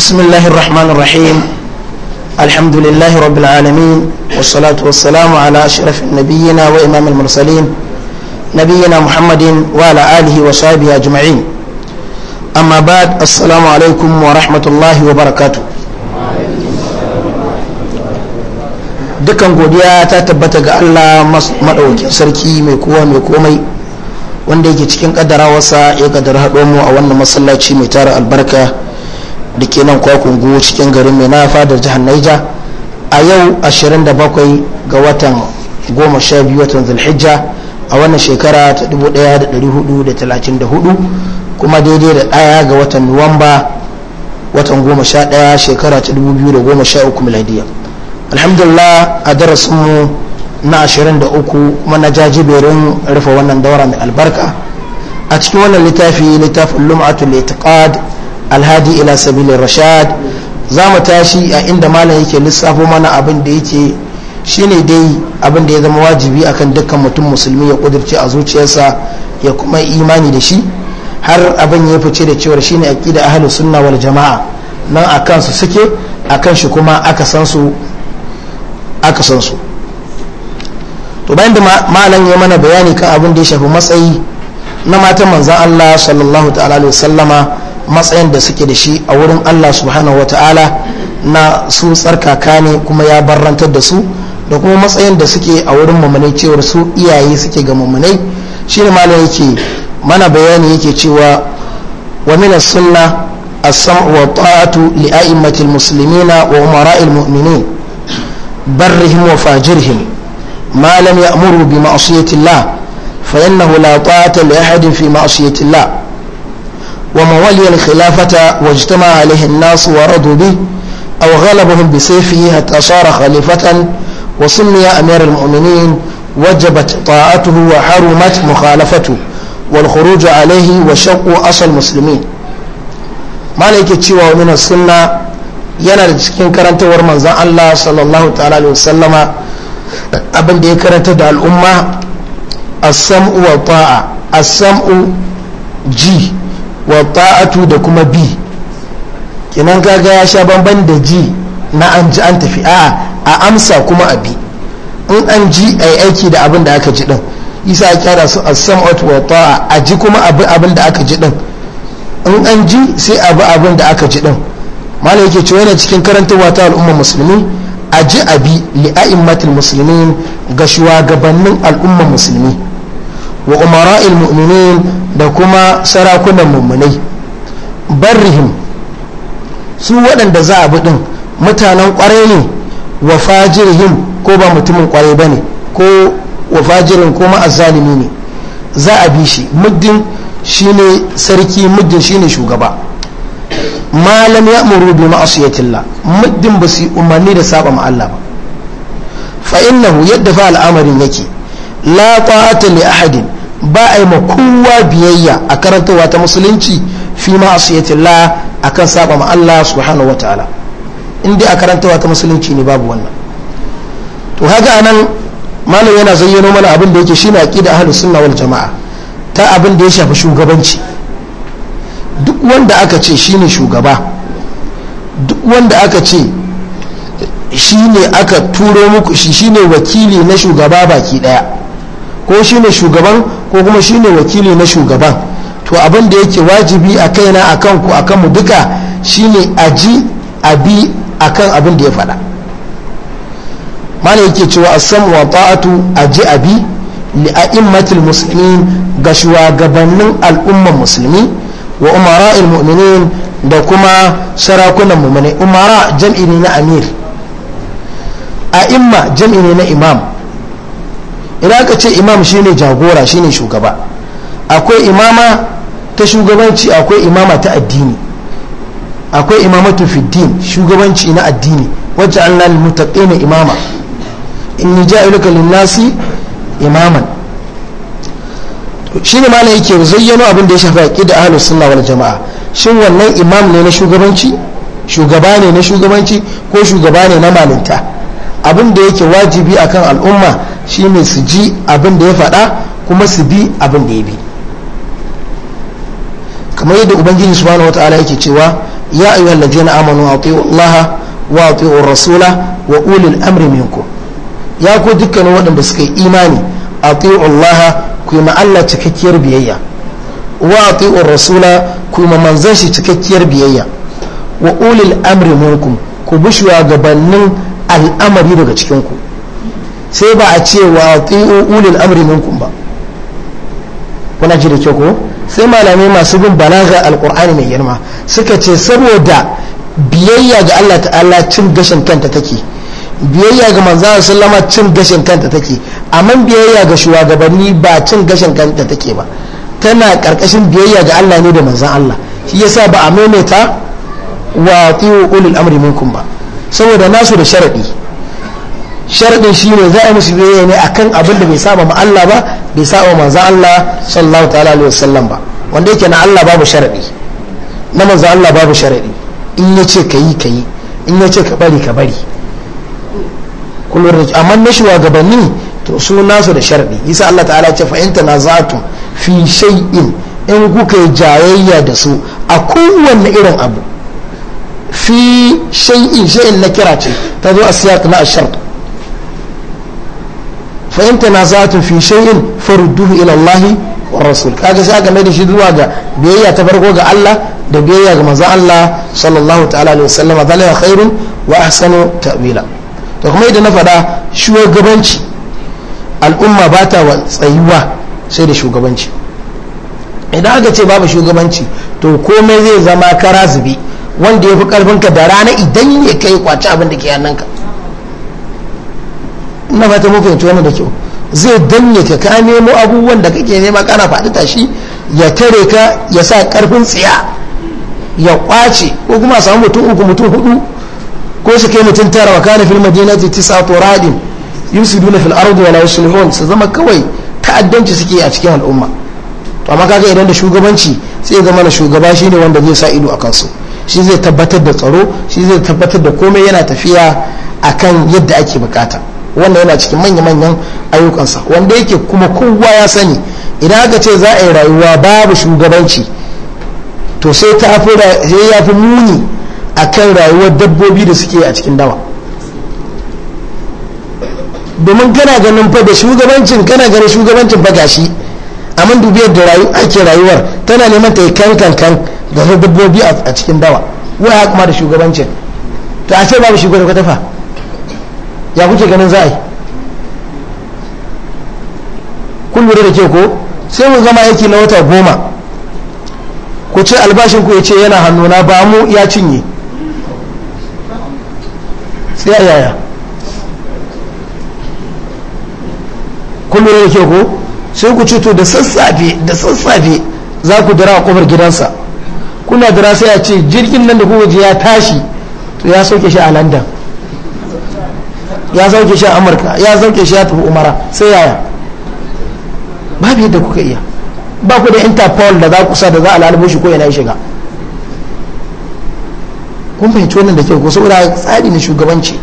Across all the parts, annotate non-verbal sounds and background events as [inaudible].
بسم الله الرحمن الرحيم الحمد لله رب العالمين والصلاة والسلام على أشرف نبينا وإمام المرسلين نبينا محمد وعلى آله وصحبه أجمعين أما بعد السلام عليكم ورحمة الله وبركاته dukan godiya ta tabbata ga Allah maɗaukin sarki mai kowa mai komai wanda yake cikin ƙaddarawarsa ya ƙaddara haɗo mu a wannan masallaci mai tara albarka da ke nan kwakungu cikin garin mai na fadar jihar naija a yau 27 ga watan 12 watan zulhijja a wannan shekara ta 1434 kuma daidai da ɗaya ga watan nuwamba watan 11 shekara ta 2013 miladiya alhamdulillah a darasinmu na 23 kuma na jajiberin rufe wannan daura mai albarka a cikin wannan littafi littafin lum'atul itiqad alhadi ila sabilin rashad za mu tashi a inda malam yake lissafo mana abin da yake shine dai abin da ya zama wajibi akan dukkan mutum musulmi ya kudirce a zuciyarsa ya kuma imani da shi har abin ya fice da cewar shine aqida ahlus sunna wal jamaa nan akan su suke akan shi kuma aka san su aka san to bayan da malam ya mana bayani kan abin da ya shafi matsayi na matan manzan Allah sallallahu ta'ala alaihi sallama matsayin da suke da shi a wurin Allah subhanahu wata'ala na su tsarkaka ne kuma ya barrantar da su da kuma matsayin da suke a wurin mamanai cewar su iyaye suke ga mamanai shi ne malam yake mana bayani yake cewa wa min sunna as-sam'u wa ta'atu li a'immatil muslimina wa umara'il mu'minin barrihim wa fajirihim ma lam ya'muru bi ma'siyatillah fa innahu la ta'ata li ahadin fi ma'siyatillah ومن ولي الخلافة واجتمع عليه الناس ورضوا به أو غلبهم بسيفه حتى صار خليفة وسمي أمير المؤمنين وجبت طاعته وحرمت مخالفته والخروج عليه وشق أصل المسلمين ما لك تشوى من السنة yana da cikin karantawar manzan Allah sallallahu ta'ala alaihi wasallama abin da ya karanta da al'umma as-sam'u wa ta'a as-sam'u ji wa da kuma bi kinan kaga ya sha bamban da ji na an ji an tafi a amsa kuma a bi in an ji a yi aiki da abin da aka ji din isa ya kyara su as-sam'at wa a ji kuma abin da aka ji din in an ji sai abu abin da aka ji din malam yake cewa yana cikin karantarwa ta al'ummar musulmi a ji abi li'a'immatul musulmin ga shugabannin al'ummar musulmi wa umara'il mu'minin da kuma sarakunan mummunai barrihim su waɗanda za a buɗin mutanen ƙwarai ne wa fajirihim ko ba mutumin ƙwarai ba ne ko wa fajirin ko ma'azzalimi ne za a bi shi muddin shi ne sarki muddin shi ne shugaba malam ya muru bi ma'asiyatillah muddin ba su umarni da saba ma Allah ba yadda fa al'amarin yake la ta'ata li ahadin ba a yi ma kowa biyayya a karanta ta musulunci fi a kan saba ma Allah subhanahu wa ta'ala inda a karanta ta musulunci ne babu wannan to haka anan malam yana zayyano mana abin da yake shine aqida ahlus sunna wal jamaa ta abin da ya shafi shugabanci duk wanda aka ce shine shugaba duk wanda aka ce shine aka turo muku shi shine wakili na shugaba baki daya ko shine shugaban ko kuma shine wakili na shugaban to abin da yake wajibi a kaina a kanku a kanmu duka shine a ji a bi a kan abin da ya faɗa mana yake cewa a samu wa ta'atu a ji a bi a li'a'immatul musulmin ga shugabannin al'umman musulmi wa umara ilmu'minin da kuma sarakunan mu'mini umara jam'i ne na amir a imma jam'i ne na imam idan aka ce imam shine jagora shine shugaba akwai imama ta shugabanci akwai imama ta addini akwai imamatu fiddin shugabanci na addini wacce allah na imama inni ja'iluka linnasi imaman shi ne malam yake zayyano abin da ya shafi da ahalus sunna wal jama'a shin wannan imam ne na shugabanci shugaba ne na shugabanci ko shugaba ne na malinta abin da yake wajibi akan al'umma shine su ji abin da ya faɗa kuma su bi abin da ya bi kamar yadda ubangiji subhanahu wata'ala yake cewa ya ayyuhal ladina amanu ati'u laha wa ati'u rasula wa ulil amri minkum ya ku dukkanin waɗanda suka yi imani ati'u laha ku yi Allah cikakkiyar biyayya wa ati'u rasula ku yi manzon shi cikakkiyar biyayya wa ulil amri minkum ku bi shugabannin al'amari daga cikinku sai ba a ce wa ulil amri minkum ba kuna ji da kyau ko sai malamai masu bin balaga alkur'ani mai girma suka ce saboda biyayya ga Allah ta'ala cin gashin kanta take biyayya ga manzo sallama cin gashin kanta take amma biyayya ga shugabanni ba cin gashin kanta take ba tana karkashin biyayya ga Allah ne da manzan Allah shi yasa ba a maimaita wa tiu amri minkum ba saboda nasu da sharaɗi sharaɗin shi ne za a musu biyayya ne kan abin da bai saba ma Allah ba bai saba za Allah sallallahu ta'ala alaihi wasallam ba wanda yake na Allah babu sharaɗi na manzo Allah babu sharaɗi in ya ce ka yi ka yi in ya ce ka bari ka bari kullum amma na gabanni to su nasu da sharaɗi yasa Allah ta'ala ce na za tu fi shay'in in kuka yi jayayya da su a kowanne irin abu fi shay'in shay'in na kira ce ta zo a siyaq na ashar fa in tanaza'tum fi shay'in farudduhu ila Allah wa rasul kaga sai aka da shi zuwa ga biyayya ta farko ga Allah da biyayya ga manzon Allah sallallahu ta'ala alaihi wasallam zalika khairun wa ahsanu ta'wila to kuma idan na faɗa shugabanci al'umma ba ta tsayuwa sai da shugabanci idan aka ce babu shugabanci to komai zai zama kara zubi wanda ya fi ƙarfinka da rana idan ya kai kwaci abin da ke hannunka na fata mafi fahimci wannan da kyau zai danne ka ka nemo abubuwan da kake nema kana faɗi tashi ya tare ka ya sa karfin tsiya ya kwace ko kuma samu mutum uku mutum hudu ko su kai mutum tara wa kana fil madinati tis'atu radin duna fil ardu wa la yuslihun su zama kawai ta'addanci suke a cikin al'umma to amma kaga idan da shugabanci sai zama na shugaba shi ne wanda zai sa ido a kansu shi zai tabbatar da tsaro shi zai tabbatar da komai yana tafiya a kan yadda ake bukata wanda yana cikin manya-manyan ayyukansa wanda yake kuma kowa ya sani idan aka ce za a yi rayuwa babu shugabanci to sai ta ya fi muni a kan rayuwar dabbobi da suke a cikin dawa domin gana ganin fa da shugabancin gana ganin shugabancin fa gashi amma dubi da rayu ake rayuwar tana neman ta yi kan kankan da dabbobi a cikin dawa ya kuma da shugabancin to a ce babu shugaban kwatafa ya kuke ganin za a yi kun lura da ke ko sai mu zama aiki na wata goma ku ce albashin ku ya ce yana hannuna ba mu ya cinye sai a yaya kun lura da ke ko sai ku ce to da sassafe da sassafe za ku dira a kofar gidansa kuna dira sai a ce jirgin nan da kuka ji ya tashi to ya sauke shi a london ya sauke shi a amurka ya sauke shi ya tafi umara sai yaya babu yadda kuka iya ba ku da interpol da za ku sa da za a lalubo shi ko yana shiga kun fahimci wannan da ke ko saboda tsari na shugabanci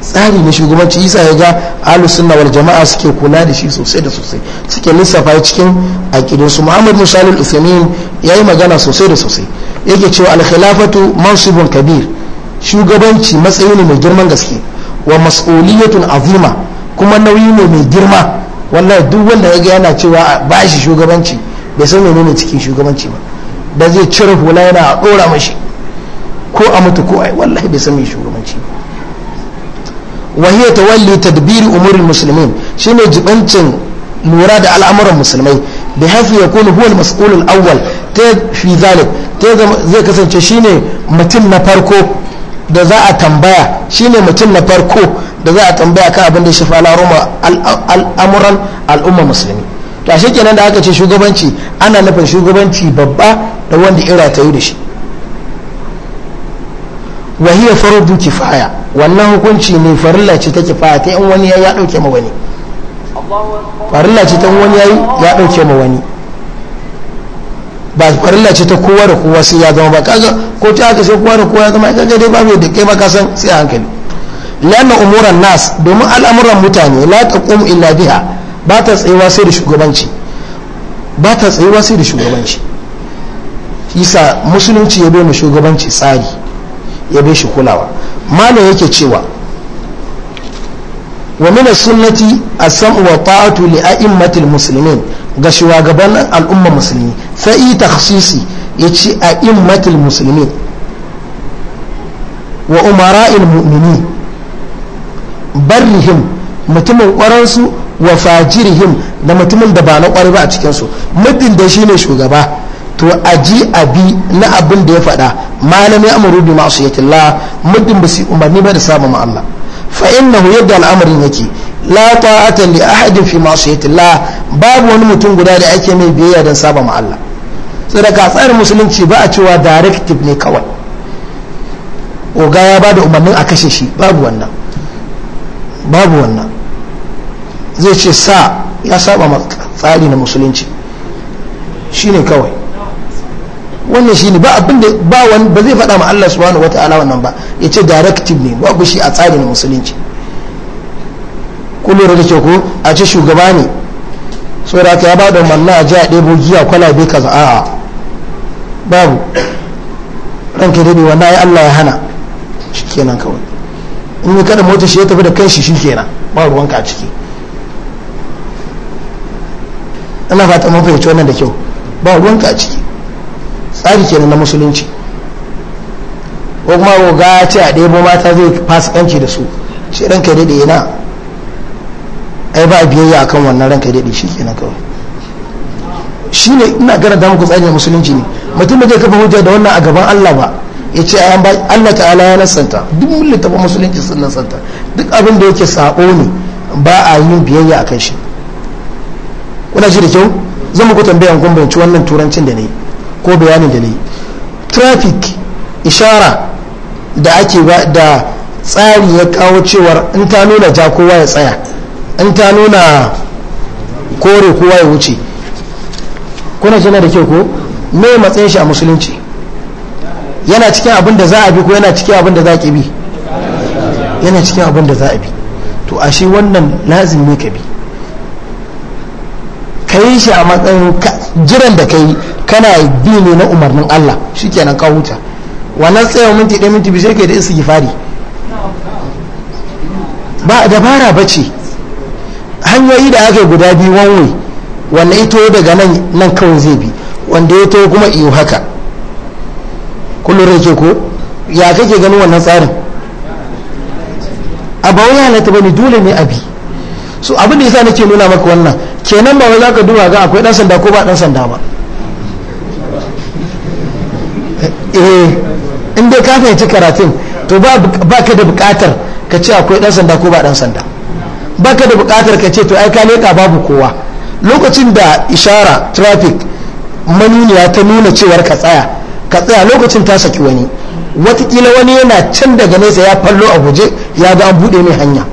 tsari na shugabanci isa ya ga alusunna wal jama'a suke kula da shi sosai da sosai suke lissafa cikin aqidun su Muhammad bin usamin ya yi magana sosai da sosai yake cewa alkhilafatu khilafatu mansubun kabir shugabanci matsayi ne mai girman gaske wa mas'uliyatun azima kuma nauyi ne mai girma wallahi duk wanda ya ga yana cewa ba shi shugabanci bai san menene cikin shugabanci ba da zai cire hula yana a dora mashi ko a mutu ko ai wallahi bai san me shugabanci wa hiya tawalli tadbiri umurin muslimin shine jibancin lura da al'amuran musulmai da hafi yakunu huwa huwal masul al-awwal ta fi zalik ta zai kasance shine mutum na farko da za a tambaya mutum na farko da za a tambaya kan abin da ya shafi al'amuran al'umma musulmi to ashe kenan da aka ce shugabanci ana nufin shugabanci babba da wanda ira ta yi da shi wa hiya fardu kifaya wannan hukunci ne farilla ce ta kifaya ta in wani ya dauke ma wani farilla ce ta wani yayi ya dauke ma wani ba farilla ce ta kowa da kowa sai ya zama ba kaga ko ta aka sai kowa da kowa ya zama kaga dai babu da kai ba ka san sai hankali lanna umuran nas domin al'amuran mutane la taqum illa biha ba ta tsayuwa sai da shugabanci ba ta tsayuwa sai da shugabanci isa musulunci ya bai mu shugabanci tsari ya bi shi kulawa malam yake cewa wa mina sunnati as-sam'u wa ta'atu li a'immatil muslimin ga shugaban al'umma musulmi fa i takhsisi yace a'immatil muslimin wa umara'il mu'minin barrihim mutumin kwaransu wa fajirihim da mutumin da ba na kwari ba a cikinsu muddin da shine shugaba to a ji a bi na abin da ya faɗa malam ya amuru bi ma'asiyatillah muddin ba su umarni ba da saba ma Allah fa hu yadda al'amarin yake la ta'ata li ahadin fi ma'asiyatillah babu wani mutum guda da ake mai biyayya don saba ma Allah sadaka tsarin musulunci ba a cewa directive ne kawai oga ya ba da umarnin a kashe shi babu wannan babu wannan zai ce sa ya saba tsari na musulunci shine kawai wannan shi ne ba abin da ba wani ba zai faɗa ma Allah subhanahu ta'ala wannan ba ya ce directive ne babu shi a tsarin musulunci ku lura da ke ko a ce shugaba ne saboda ya ba da manna a ji a ɗebo giya bai kaza a'a babu ranka dai wannan ya Allah ya hana shi kenan kawai in ka kada mota shi ya tafi da kanshi kenan ba ruwanka a ciki ana fata mun fahimci wannan da kyau ba ruwanka a ciki tsari kenan na musulunci ko kuma ga ce a ɗebo mata zai fasikanci da su ce ranka daɗe na ai ba biyayya akan wannan ranka daɗe shi kenan kawai shi ne ina karanta muku na musulunci ne mutum da zai kafa hujja da wannan a gaban Allah ba ya ce ayan ba Allah ta'ala ya nasanta duk mun littafin musulunci sun nasanta duk abin da yake sabo ne ba a yin biyayya akan shi kuna shi da kyau zan muku tambayan kun bayanci wannan turancin da ne ko bayanin da ne traffic ishara da ake da tsari ya kawo cewar in ta nuna ja kowa ya tsaya in ta nuna kore kowa ya wuce kuna jina da kyau ko me matsayin shi a musulunci yana cikin abin da za a bi ko yana cikin abin da za a bi yana cikin abin da za a bi to a shi wannan lazim ne ka bi ka yi shi a matsayin jiran da ka yi kana bi ne na umarnin Allah shikenan ka huta wannan tsayawa minti ɗaya minti biyu ka yi da Ba ba dabara ba ce hanyoyi da aka guda biyu wanwe wanda ito daga nan nan kawai zai bi wanda ya to kuma iyo haka kullum rake ko ya kake ganin wannan tsarin a ba wani ba bane dole ne abi so abin da yasa nake nuna maka wannan kenan ba wai za ka duba ga akwai dan sanda ko ba dan sanda ba eh in dai ka fahimci karatun to ba ka da bukatar ka ce akwai dan sanda ko ba dan sanda ba ka da bukatar ka ce to ai ka leka babu kowa lokacin da ishara traffic manuniya ta nuna cewar ka tsaya ka tsaya lokacin ta saki wani watakila wani yana can daga nesa ya fallo a guje ya ga an buɗe mai hanya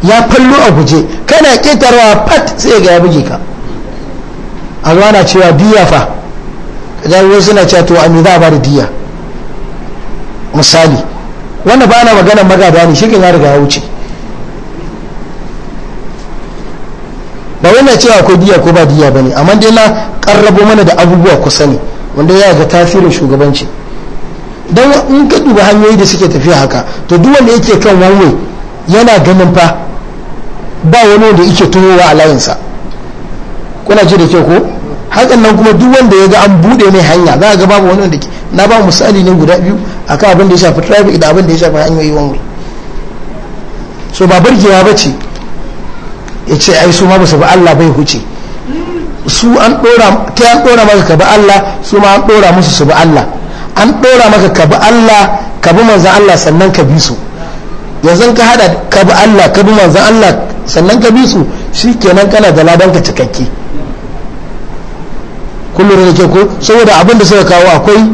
ya fallo a guje kana ƙetarwa fat sai ga ya buge ka a zuwa na cewa diya fa wani suna cewa to yi za a bada diya misali wannan ba na magana magada ne shi ya riga ya wuce ba cewa akwai diya ko ba diya ba ne amma dai na karrabo mana da abubuwa kusa ne wanda ya ga tasirin shugabanci don in ka duba hanyoyi da suke tafiya haka to duk wanda yake kan wanwe yana ganin fa ba wani wanda yake tuhowa a layinsa kuna ji da kyau ko hakan nan kuma duk wanda ya ga an buɗe mai hanya za a ga babu wani wanda ke na ba misali ne guda biyu akan abin da ya shafi traffic da abin da ya shafi hanyoyi wani so ba burgewa ba ce ya ce ai su ma ba su ba Allah bai huce su an dora ta an dora maka ka bi Allah su ma an dora musu su bi Allah an dora maka ka bi Allah ka bi manzan Allah sannan ka bi su yanzu ka hada ka bi Allah ka bi manzan Allah sannan ka bi su shi kenan kana da ladan ka cikakke kullum ne ke ko saboda abin da suka kawo akwai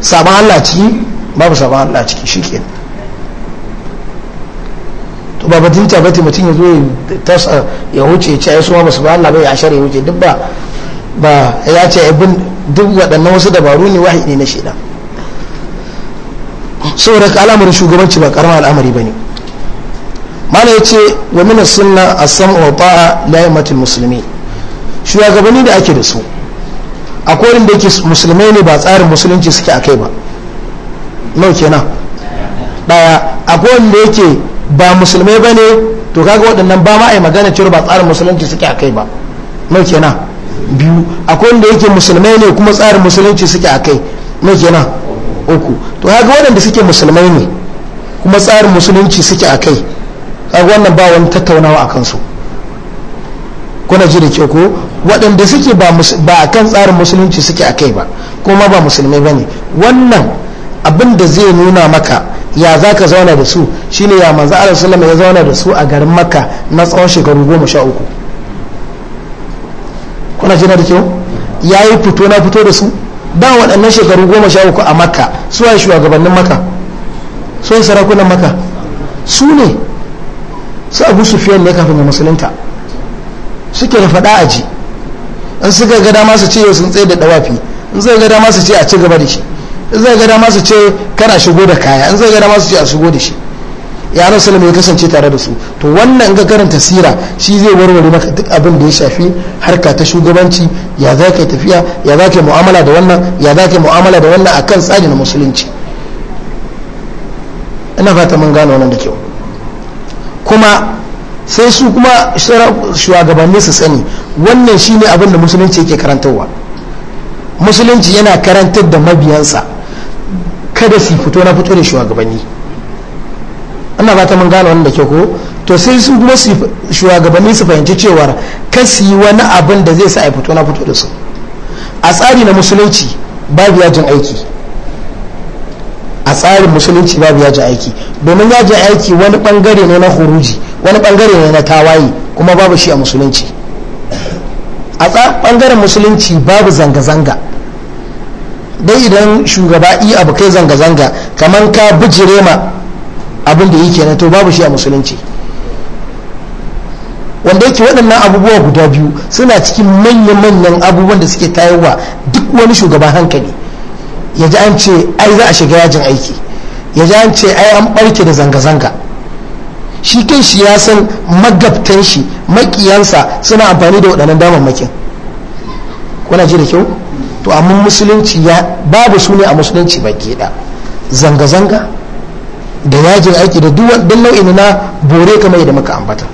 saban Allah ciki babu saban Allah ciki shi kenan to ba batun ta bata mutum ya zo ya wuce ya ce ai su ma basu ba Allah bai ya share ya wuce duk ba ba ya ce ibn duk waɗannan wasu dabaru ne wahayi ne na shaidan saboda al'amarin shugabanci ba karamar al'amari ba ne mana ce wa min sunna a samu wa ta'a laimatul muslimi shugabanni da ake da su a akwai da ke musulmai ne ba tsarin musulunci suke kai ba nau kenan daya akwai da yake ba musulmai ba ne to kaga waɗannan ba ma a yi magana cewar ba tsarin musulunci suke a kai ba nau kenan biyu a akwai da yake musulmai ne kuma tsarin musulunci suke a kai nau kenan uku to kaga waɗanda suke musulmai ne kuma tsarin musulunci suke a kai kaga wannan ba wani tattaunawa a kansu kuna ji da ke ko waɗanda suke ba a kan tsarin musulunci suke a kai ba kuma ba musulmai ba ne wannan abin da zai nuna maka ya za ka zauna da su shine ya manzo ala sallama ya zauna da su a garin maka na tsawon shekaru goma sha uku kuna na da kyau ya yi fito na fito da su ba waɗannan shekaru goma sha uku a maka su waye shugabannin maka su sarakunan maka su ne su abu sufiyan ne kafin ya musulunta suke da faɗa a ji in su ga gada masu ce yau sun tsaye da dawafi in zai ga masu ce a ci gaba da shi in zai ga masu su ce kana shigo da kaya in zai ga masu ce a shigo da shi ya nan salama ya kasance tare da su to wannan in ga karanta tasira shi zai warware maka duk abin da ya shafi harka ta shugabanci ya za ka tafiya ya za ka mu'amala da wannan ya za ka mu'amala da wannan akan tsari na musulunci ina fata mun gane wannan da kyau kuma sai su kuma shugabanni su sani wannan shine abin da musulunci yake karantarwa musulunci yana karantar da mabiyansa kada su fito na fito da shugabanni ana ba ta mun gane wannan da ke ko to sai su kuma shugabanni su fahimci cewar kasi wani abin da zai sa a fito na fito da su a tsari na musulunci babu yajin aiki a tsarin musulunci babu yaji aiki domin yaji aiki wani bangare ne na huruji wani bangare ne na tawaye kuma babu shi a musulunci a bangaren musulunci babu zanga-zanga dai idan shugaba iya abu kai zanga-zanga kamar ka bujire ma abin da yake na to babu shi a musulunci wanda yake waɗannan abubuwa guda biyu suna cikin manya-manyan abubuwan da suke tayarwa duk wani shugaban hankali ya ji an ce ai za a shiga yajin aiki ya ji an ce ai an barke da zanga-zanga shi kai shi ya san magabtan shi makiyansa suna amfani da waɗannan damammakin kuna ji da kyau to amma musulunci ya babu su ne a musulunci ba da zanga-zanga da yajin aiki da duk nau'in na bore kamar yadda muka ambata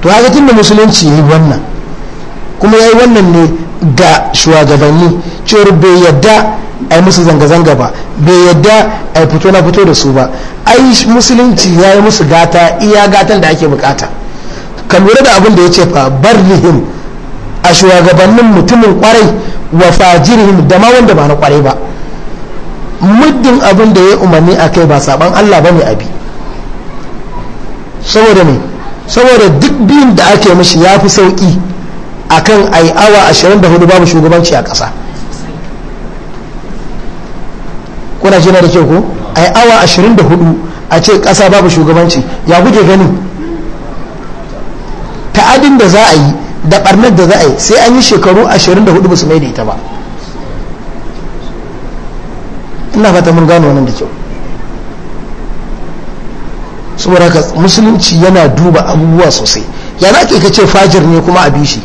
to a tun da musulunci ya yi wannan kuma ya yi wannan ne ga shugabanni cewar bai yadda ai musu zanga-zanga ba bai yadda a fito na fito da su ba ai musulunci ya yi musu gata iya gatan da ake bukata ka lura da abin da ya ce fa barrihim a shugabannin mutumin kwarai wa fajirihim da ma wanda ba na kwarai ba muddin abin da ya umarni a kai ba saban Allah ba ne abi saboda ne saboda duk biyun da ake mishi ya fi sauki akan ai awa 24 babu shugabanci a ƙasa kuna jina da kyau ko a yi awa 24 a ce ƙasa babu shugabanci ya guje gani ta'adin da za a yi da ɓarnar da za a yi sai an yi shekaru 24 ba su mai da ita ba ina fata mun gano wannan da kyau saboda ka musulunci yana duba abubuwa sosai ya za ka ce fajir ne kuma a shi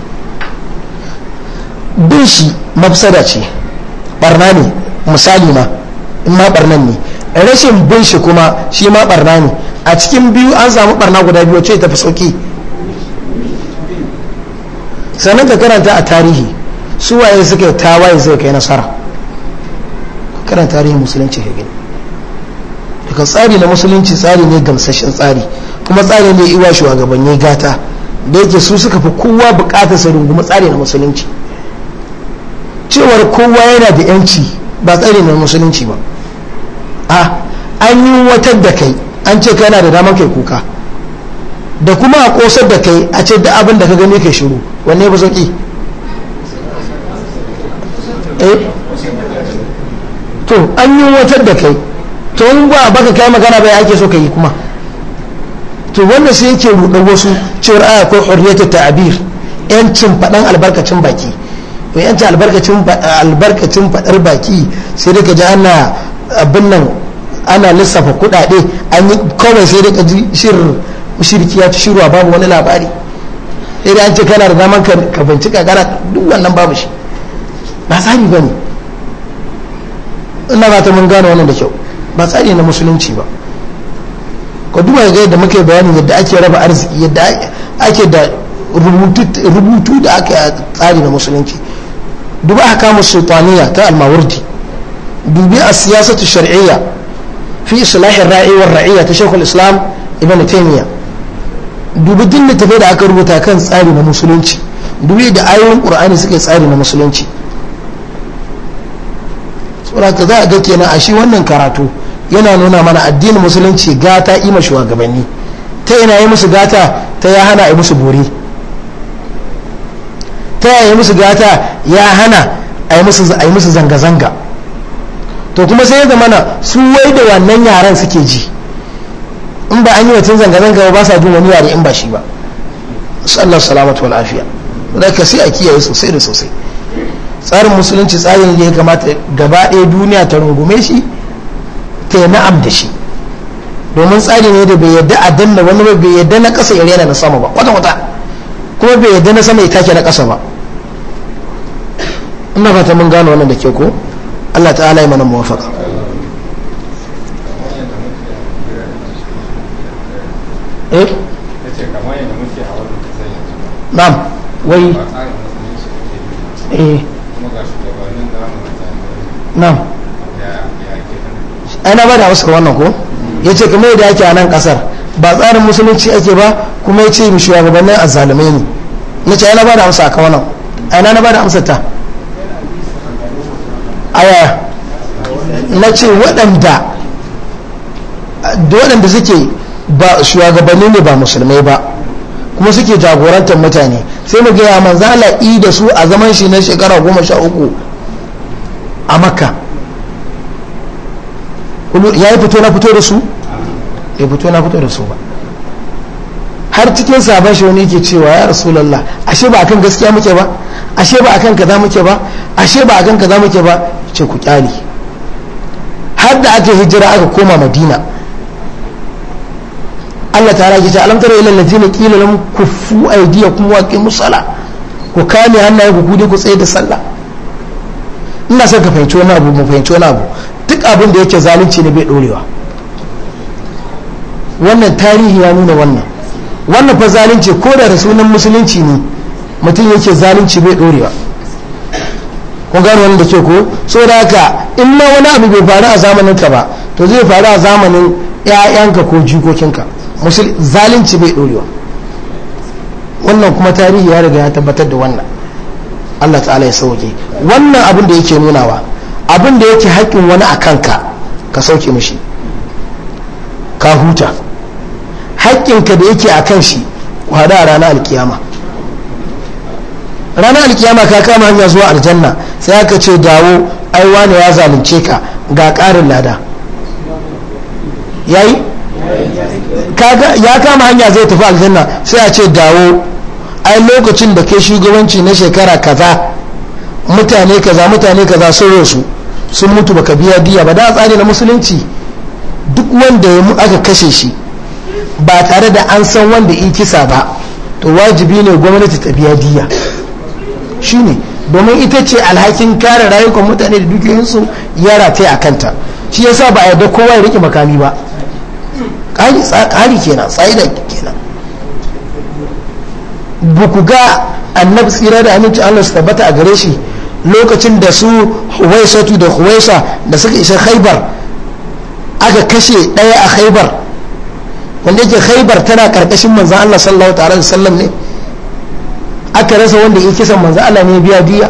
bin shi mafsada ce barna ne misali ma in ma barnan ne rashin bin shi kuma shi ma barna ne a cikin biyu an samu barna guda biyu ce tafi sauki sannan ka karanta a tarihi su waye suka waye zai kai nasara ka karanta tarihin musulunci ka gani daga tsari na musulunci tsari ne gamsashen tsari kuma tsari ne iwa wa gata da yake su suka fi kowa bukatar su rungumi tsari na musulunci cewar kowa yana da yanci ba tsari na musulunci ba a an yi watar da kai an ce kana da damar kai kuka da kuma a kosar da kai a ce duk abin da ka gani kai shiru wanne ba sauki eh? to an yi watar da kai to in ba baka kai magana bai ake so ka yi kuma to wanda sai yake rudan wasu cewar aya ko hurriyatu ta'abir yancin faɗan albarkacin baki to yancin albarkacin albarkacin faɗar baki sai daga ji ana abin nan ana lissafa kudade an yi kawai sai da ji shirki ya ci shirwa babu wani labari sai da an ce kana da zaman ka bincika kana duk wannan babu shi ba tsari ba ne ina ba ta mun gane wannan da kyau ba tsari na musulunci ba ka duba ga yadda muke bayani yadda ake raba arziki yadda ake da rubutu da aka tsari na musulunci duba haka musultaniya ta almawurdi dubi a siyasatu shar'iyya fi islahi ra'i wa ra'iyya ta shekul islam ibn taymiya dubi din littafai da aka rubuta kan tsari na musulunci dubi da ayoyin qur'ani suke tsari na musulunci saboda za a ga kenan a shi wannan karatu yana nuna mana addinin musulunci gata ima shugabanni ta yana yi musu gata ta ya hana yi musu bore ta ya yi musu gata ya hana a yi musu zanga-zanga to kuma sai ya na su wai da wannan yaran suke ji in ba an yi watan zanga-zanga ba sa jin wani yare in ba shi ba sallar salamatu wa afiya da ka sai a kiyaye sosai da sosai tsarin musulunci tsarin da ya kamata gaba ɗaya duniya ta rungume shi ta yi na'am da shi domin tsari ne da bai yadda a danna wani ba bai yadda na ƙasa ya rena na sama ba kwata-kwata kuma bai yadda na sama ya take na ƙasa ba ina fata mun gano wannan da ke ko Allah ta'ala yi mana muwafaka eh na'am wai eh na'am ana ba da wasu wannan ko ya ce kamar yadda ake a nan kasar ba tsarin musulunci ake ba kuma ya ce mu shugabannin azzalumai ne na ce ana ba da amsa a kawanan ana na ba da amsa ta aya na ce waɗanda waɗanda suke ba shugabanni ne ba musulmai ba kuma suke jagorantar mutane sai mu gaya manzo Allah i da su a zaman shi na shekara goma sha uku a makka ya yi fito na fito da su ya fito na fito da su ba har cikin sabon shi wani ke cewa ya rasulallah ashe ba akan gaskiya muke ba ashe ba akan kaza muke ba ashe ba akan kaza muke ba ce ku kyale har da aka hijira aka koma madina Allah ta ke ce alam tara ila allazina qila lahum kuffu aydiyakum wa aqimus musala ku kame hannaye ku gude ku tsaye da sallah ina son ka fahimci wani abu mu fahimci wani abu duk abin da yake zalunci ne bai dorewa wannan tarihi ya nuna wannan wannan fa zalunci ko da sunan musulunci ne mutum yake zalunci bai dorewa kun gano wani da ke ko da haka in ma wani abu bai faru a zamanin ka ba to zai faru a zamanin ƴaƴanka ko jikokinka musul zalunci bai dorewa wannan kuma tarihi ya riga ya tabbatar da wannan Allah ta'ala ya sauke wannan abin da yake nunawa abin da yake haƙƙin wani a kanka ka sauke mishi ka huta haƙƙinka da yake a kan shi ku hada a ranar alkiyama ranar alkiyama ka kama hanya zuwa aljanna sai aka ce dawo ai wani ya zalunce ka ga karin lada yayi ya kama hanya zai tafi aljanna sai a ce dawo ai lokacin da ke shugabanci na shekara kaza mutane kaza mutane kaza sun su sun mutu baka biya diya ba da tsari na musulunci duk wanda ya aka kashe shi ba tare da an san wanda in kisa ba to wajibi ne gwamnati ta biya diya ne domin ita ce alhakin kare rayukan mutane da dukiyoyinsu ya rata a kanta shi ya sa ba a yarda kowa ya rike makami ba hari kenan tsaida kenan ba ku ga annabi tsira da aminci Allah su tabbata a gare shi lokacin da su huwaisatu da huwaisa da suka isa khaibar aka kashe ɗaya a khaibar wanda yake khaibar tana karkashin manzan Allah sallallahu ta'ala da sallam ne aka rasa wanda ya kisan manzo Allah ne biya diya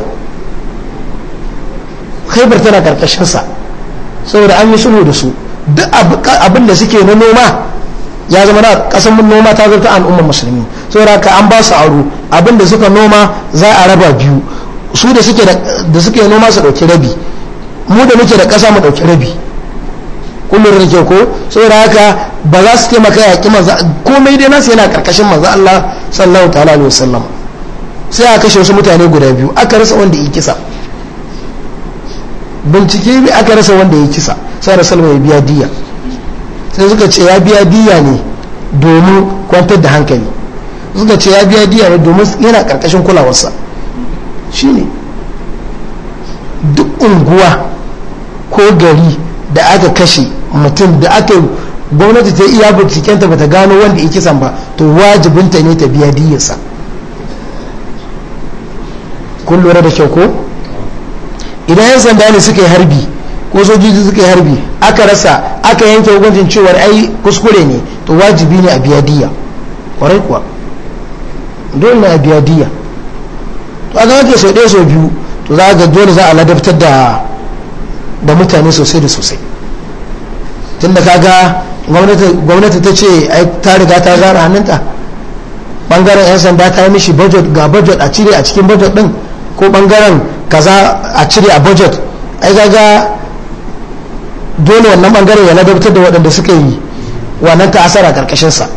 khaibar tana karkashin sa saboda an yi sulhu da su duk abin da suke na noma ya zama na kasan noma ta zarta al'ummar musulmi saboda ka an ba su aro abin da suka noma za a raba biyu su da suke da suke noma su dauki rabi mu da muke da kasa mu dauki rabi kullum rike ko saboda haka ba za su taimaka yaƙi maza komai dai nasu yana karkashin maza Allah sallallahu ta'ala alaihi wasallam sai a kashe wasu mutane guda biyu aka rasa wanda ya kisa bincike bi aka rasa wanda ya kisa sai rasulma ya biya diya sai suka ce ya biya diya ne domin kwantar da hankali suka ce ya biya diya ne domin yana karkashin kulawarsa shine duk unguwa ko gari da aka kashe mutum da aka gwamnati ta iya bincikenta ta gano wanda ya kisan ba to wajibinta ne ta biya diyarsa kun lura da kyau ko idan yan sanda ne suka yi harbi ko sojoji suka yi harbi aka rasa aka yanke hukuncin cewar ai kuskure ne to wajibi ne a biya diya kwarai kuwa dole ne a biya diya to a ke sau ɗaya sau biyu to za ga dole za a ladabtar da da mutane sosai da sosai tun da kaga gwamnati ta ce ta riga ta zara hannunta bangaren 'yan sanda ta yi mishi budget ga budget a cire a cikin budget din ko bangaren kaza a cire a budget ai gaga dole wannan bangare ya ladabtar da waɗanda suka yi wannan ta asara karkashinsa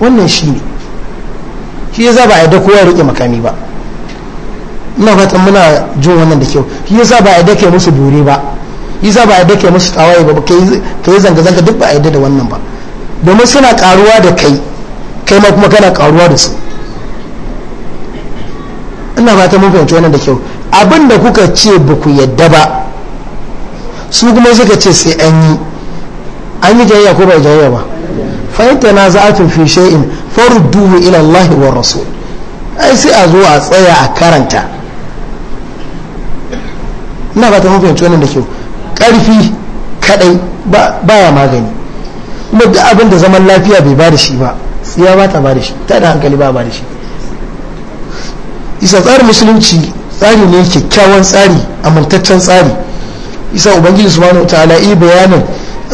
wannan shi ne shi ya za ba a yadda kowa ya riƙe makami ba ina fatan muna jin wannan da kyau shi ya za ba a yadda ke musu bore ba shi za ba a yadda ke musu tawaye ba ka yi zanga-zanga duk ba a yadda da wannan ba domin suna karuwa da kai kai ma kuma kana karuwa da su ina fata mun fahimci wannan da kyau abin da kuka ce ba ku yadda ba su kuma suka ce sai an yi an yi jayayya ko ba jayayya ba fahimta na za'atun fi shay'in farudduhu ila Allah wa rasul ai sai a zo a tsaya a karanta ina fata mun fahimci wannan da kyau karfi kadai ya magani kuma duk abin da zaman lafiya bai ba da shi ba tsiya ba ta ba da shi ta da hankali ba ba da shi isa tsarin musulunci tsari ne kyakkyawan tsari amintaccen tsari isa ubangiji subhanahu ta'ala yi bayanin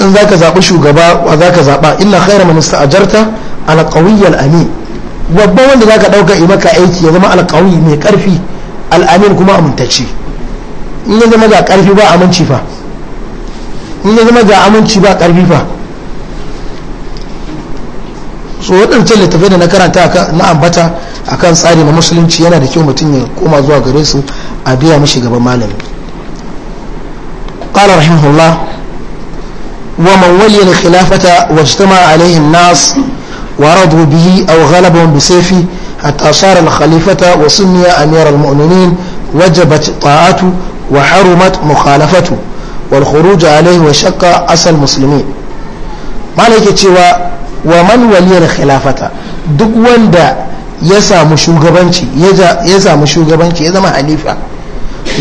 in zaka zaɓi shugaba wa zaka zaɓa inna khaira man ista'jarta ala qawiyyal amin babban wanda zaka ɗauka yi maka aiki ya zama alqawi mai karfi al'amin kuma amintacce in ya zama ga karfi ba aminci fa ba karfi fa waɗancan littafai da na karanta ambata a kan tsari na musulunci yana da kyau mutum ya koma zuwa gare a biya mishi gaban malami ƙala rahimahullah wa man waliya da khilafata wa jitama alaihin nas wa radu bihi aw ghalaba bi sayfi hatta sara al khalifata wa sunniya amir al mu'minin wajabat ta'atu wa harumat mukhalafatu wal khuruj wa shakka asal muslimin malaike cewa wa man waliyar khilafata duk wanda ya samu shugabanci ya samu shugabanci ya zama halifa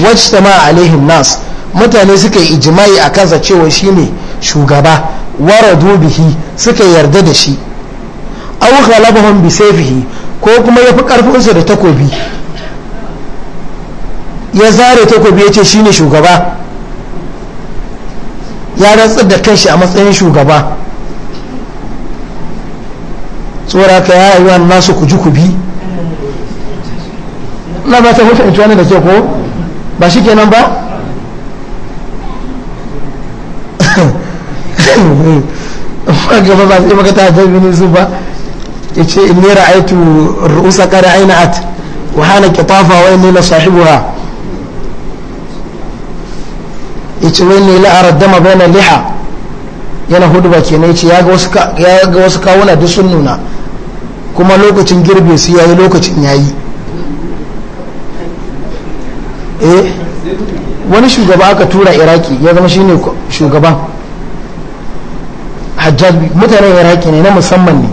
wajtama alaihim nas mutane suka yi ijima'i a kansa cewa shi ne shugaba wara bihi suka yarda da shi aw ghalabahum bi ko kuma ya fi karfinsa da takobi ya zare takobi ya ce shi ne shugaba ya rantsar da shi a matsayin shugaba tsoraka ka ya yi wani nasu ku ji ku bi na ba ta hutu in tuwani da ke ko ba shi kenan ba gaba ba su yi makata a jami'in su ba ya ce in nera aitu ru'usa kare aina at wa hana tafa wa in nila ha ya ce wani nila a raddama bai na liha yana hudu ba kenan ya ce ya ga wasu kawuna duk sun nuna kuma lokacin girbe su yayi lokacin yayi eh wani shugaba aka tura iraki ya zama shine shugaban hajjaj mutanen iraki ne na musamman ne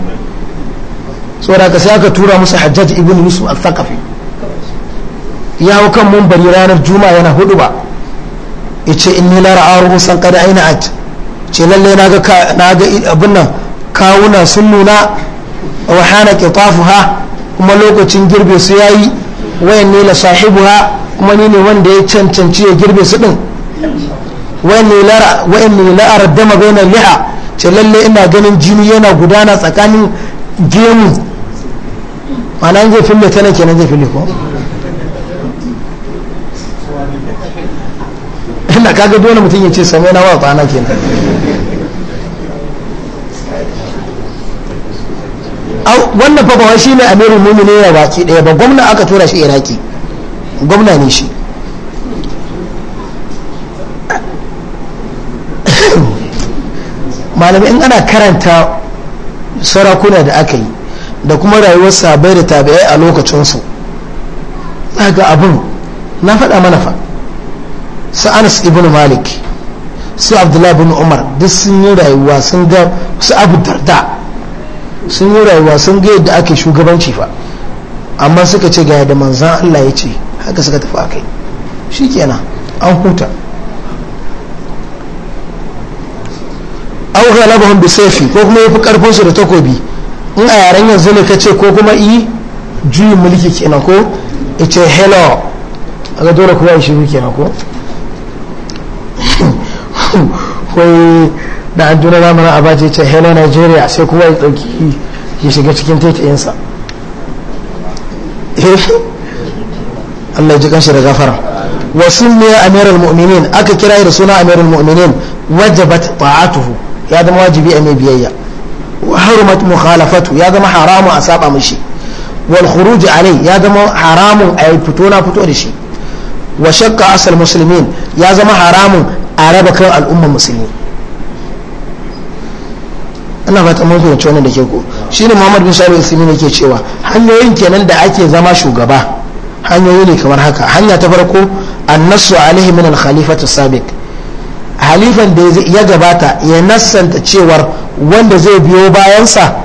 saboda ka sai aka tura musu hajjaj ibn yusuf al-thaqafi ya hau kan mumbari ranar juma'a yana hudu ba ya ce in ni lara aro san kada aina at ce lalle na ga abin nan kawuna sun nuna wa hana qitafuha kuma lokacin girbe su yayi wayan ne la sahibuha kuma ni ne wanda ya cancanci ya girbe su din wayan ne la wayan ne la ardama baina liha ce lalle ina ganin jini yana gudana tsakanin gemu ma'ana je fille ta kenan zai fille ko ina kaga dole mutum ya ce same na wa tsana kenan wannan fafawa shi ne amirul mu'minin ya baki daya ba gwamna aka tura shi iraki gwamna ne shi [coughs] malamai in ana karanta sarakuna da aka yi da kuma rayuwar sabai da tabi'ai a lokacinsu ga abin na faɗa mana su anas ibn malik su abdullahi ibn umar duk sun yi rayuwa sun ga su abu darda sun yi rayuwa sun ga yadda ake shugabanci fa amma suka ce ga yadda manzan Allah ya ce haka suka tafi akai shikenan an huta au ghalabahum bi sayfi ko kuma yafi karfin su da takobi in a yaren yanzu ne kace ko kuma i juyin mulki kenan ko ce hello aga dole kowa ya shiru kenan ko ko [laughs] da an juna zamanin abaji ce hello nigeria sai kowa ya ɗauki ya shiga cikin taitayinsa eh, Allah ji kanshi da gafara wa sunniya amirul mu'minin aka kira da suna amirul mu'minin wajabat ta'atuhu ya zama wajibi a mai biyayya wa harumat mukhalafatu ya zama haramun a saba mishi wal khuruj alai ya zama haramun a fito na fito da shi wa shakka asal muslimin ya zama haramun a raba kan al'umma musulmi ina fata mun fahimci wannan da ke Muhammad bin yake cewa hanyoyin kenan da ake zama shugaba hanyoyi ne kamar haka hanya ta farko annasu alaihi min khalifatu halifan da ya gabata ya nassanta cewar wanda zai biyo bayansa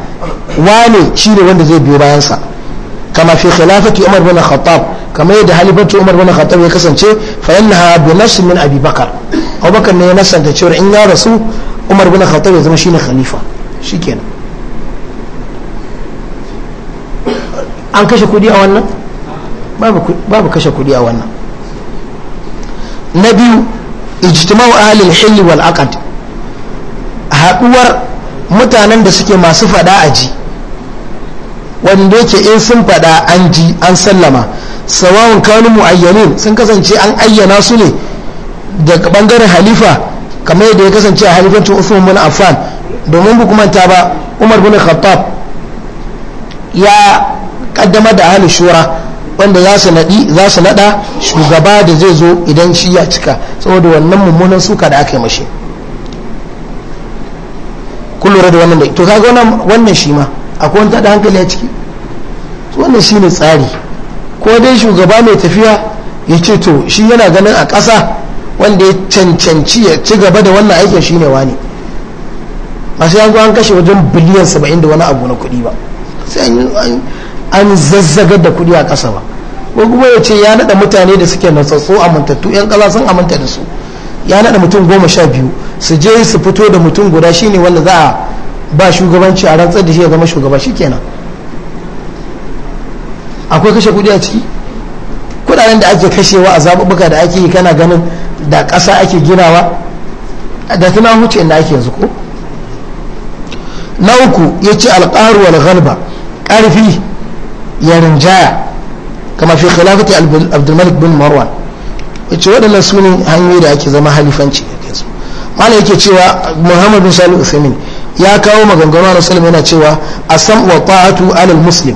wane shine wanda zai biyo bayansa kama fi khilafati Umar bin Khattab kamar yadda halifatu Umar bin Khattab ya kasance fa yannaha bi nafsin min Abi Bakar Abubakar ne ya nassanta cewar in ya rasu Umar bin Khattab ya zama shine khalifa kenan an kashe kudi a wannan babu kashe kudi a wannan na biyu ijtima'u alil hilli wal aqd haduwar mutanen da suke masu fada a ji wanda yake in sun fada an ji an sallama sawawun kanu mu'ayyanin sun kasance an ayyana su ne daga bangaren halifa kamar yadda ya kasance a halifantun Usman bin Affan domin hukumanta ba umar bin khattab ya kaddamar da ahli shura wanda za su nadi za su naɗa shugaba da zai zo idan shi ya cika saboda wannan mummunan suka da aka yi mashi kun da wannan dai to kaga wannan shi ma akwai wani da hankali a ciki wannan shi ne tsari ko dai shugaba mai tafiya ya ce to shi yana ganin a ƙasa wanda ya cancanci ya ci gaba da wannan aikin shine wani ne ba sai an an kashe wajen biliyan saba'in da wani abu na kudi ba sai an zazzaga da kudi a kasa ba ko ya ce ya naɗa mutane da suke natsatsu amintattu 'yan kala sun aminta da su ya naɗa mutum goma sha biyu su je su fito da mutum guda shine wanda za a ba shugabanci a rantsar da shi ya zama shugaba kenan akwai kashe kuɗi a ciki kuɗaɗen da ake kashewa a zaɓuɓɓuka da ake yi kana ganin da ƙasa ake ginawa da tunan huce inda ake yanzu ko na uku ya ce alƙaru wal ghalba ƙarfi ya rinjaya kama fi khilafati abdulmalik bin marwan ya ce waɗannan sunan ne hanyoyi da ake zama halifanci a kansu mana yake cewa muhammad bin salu usaimin ya kawo maganganu a salim yana cewa a sam wa ta'atu alal muslim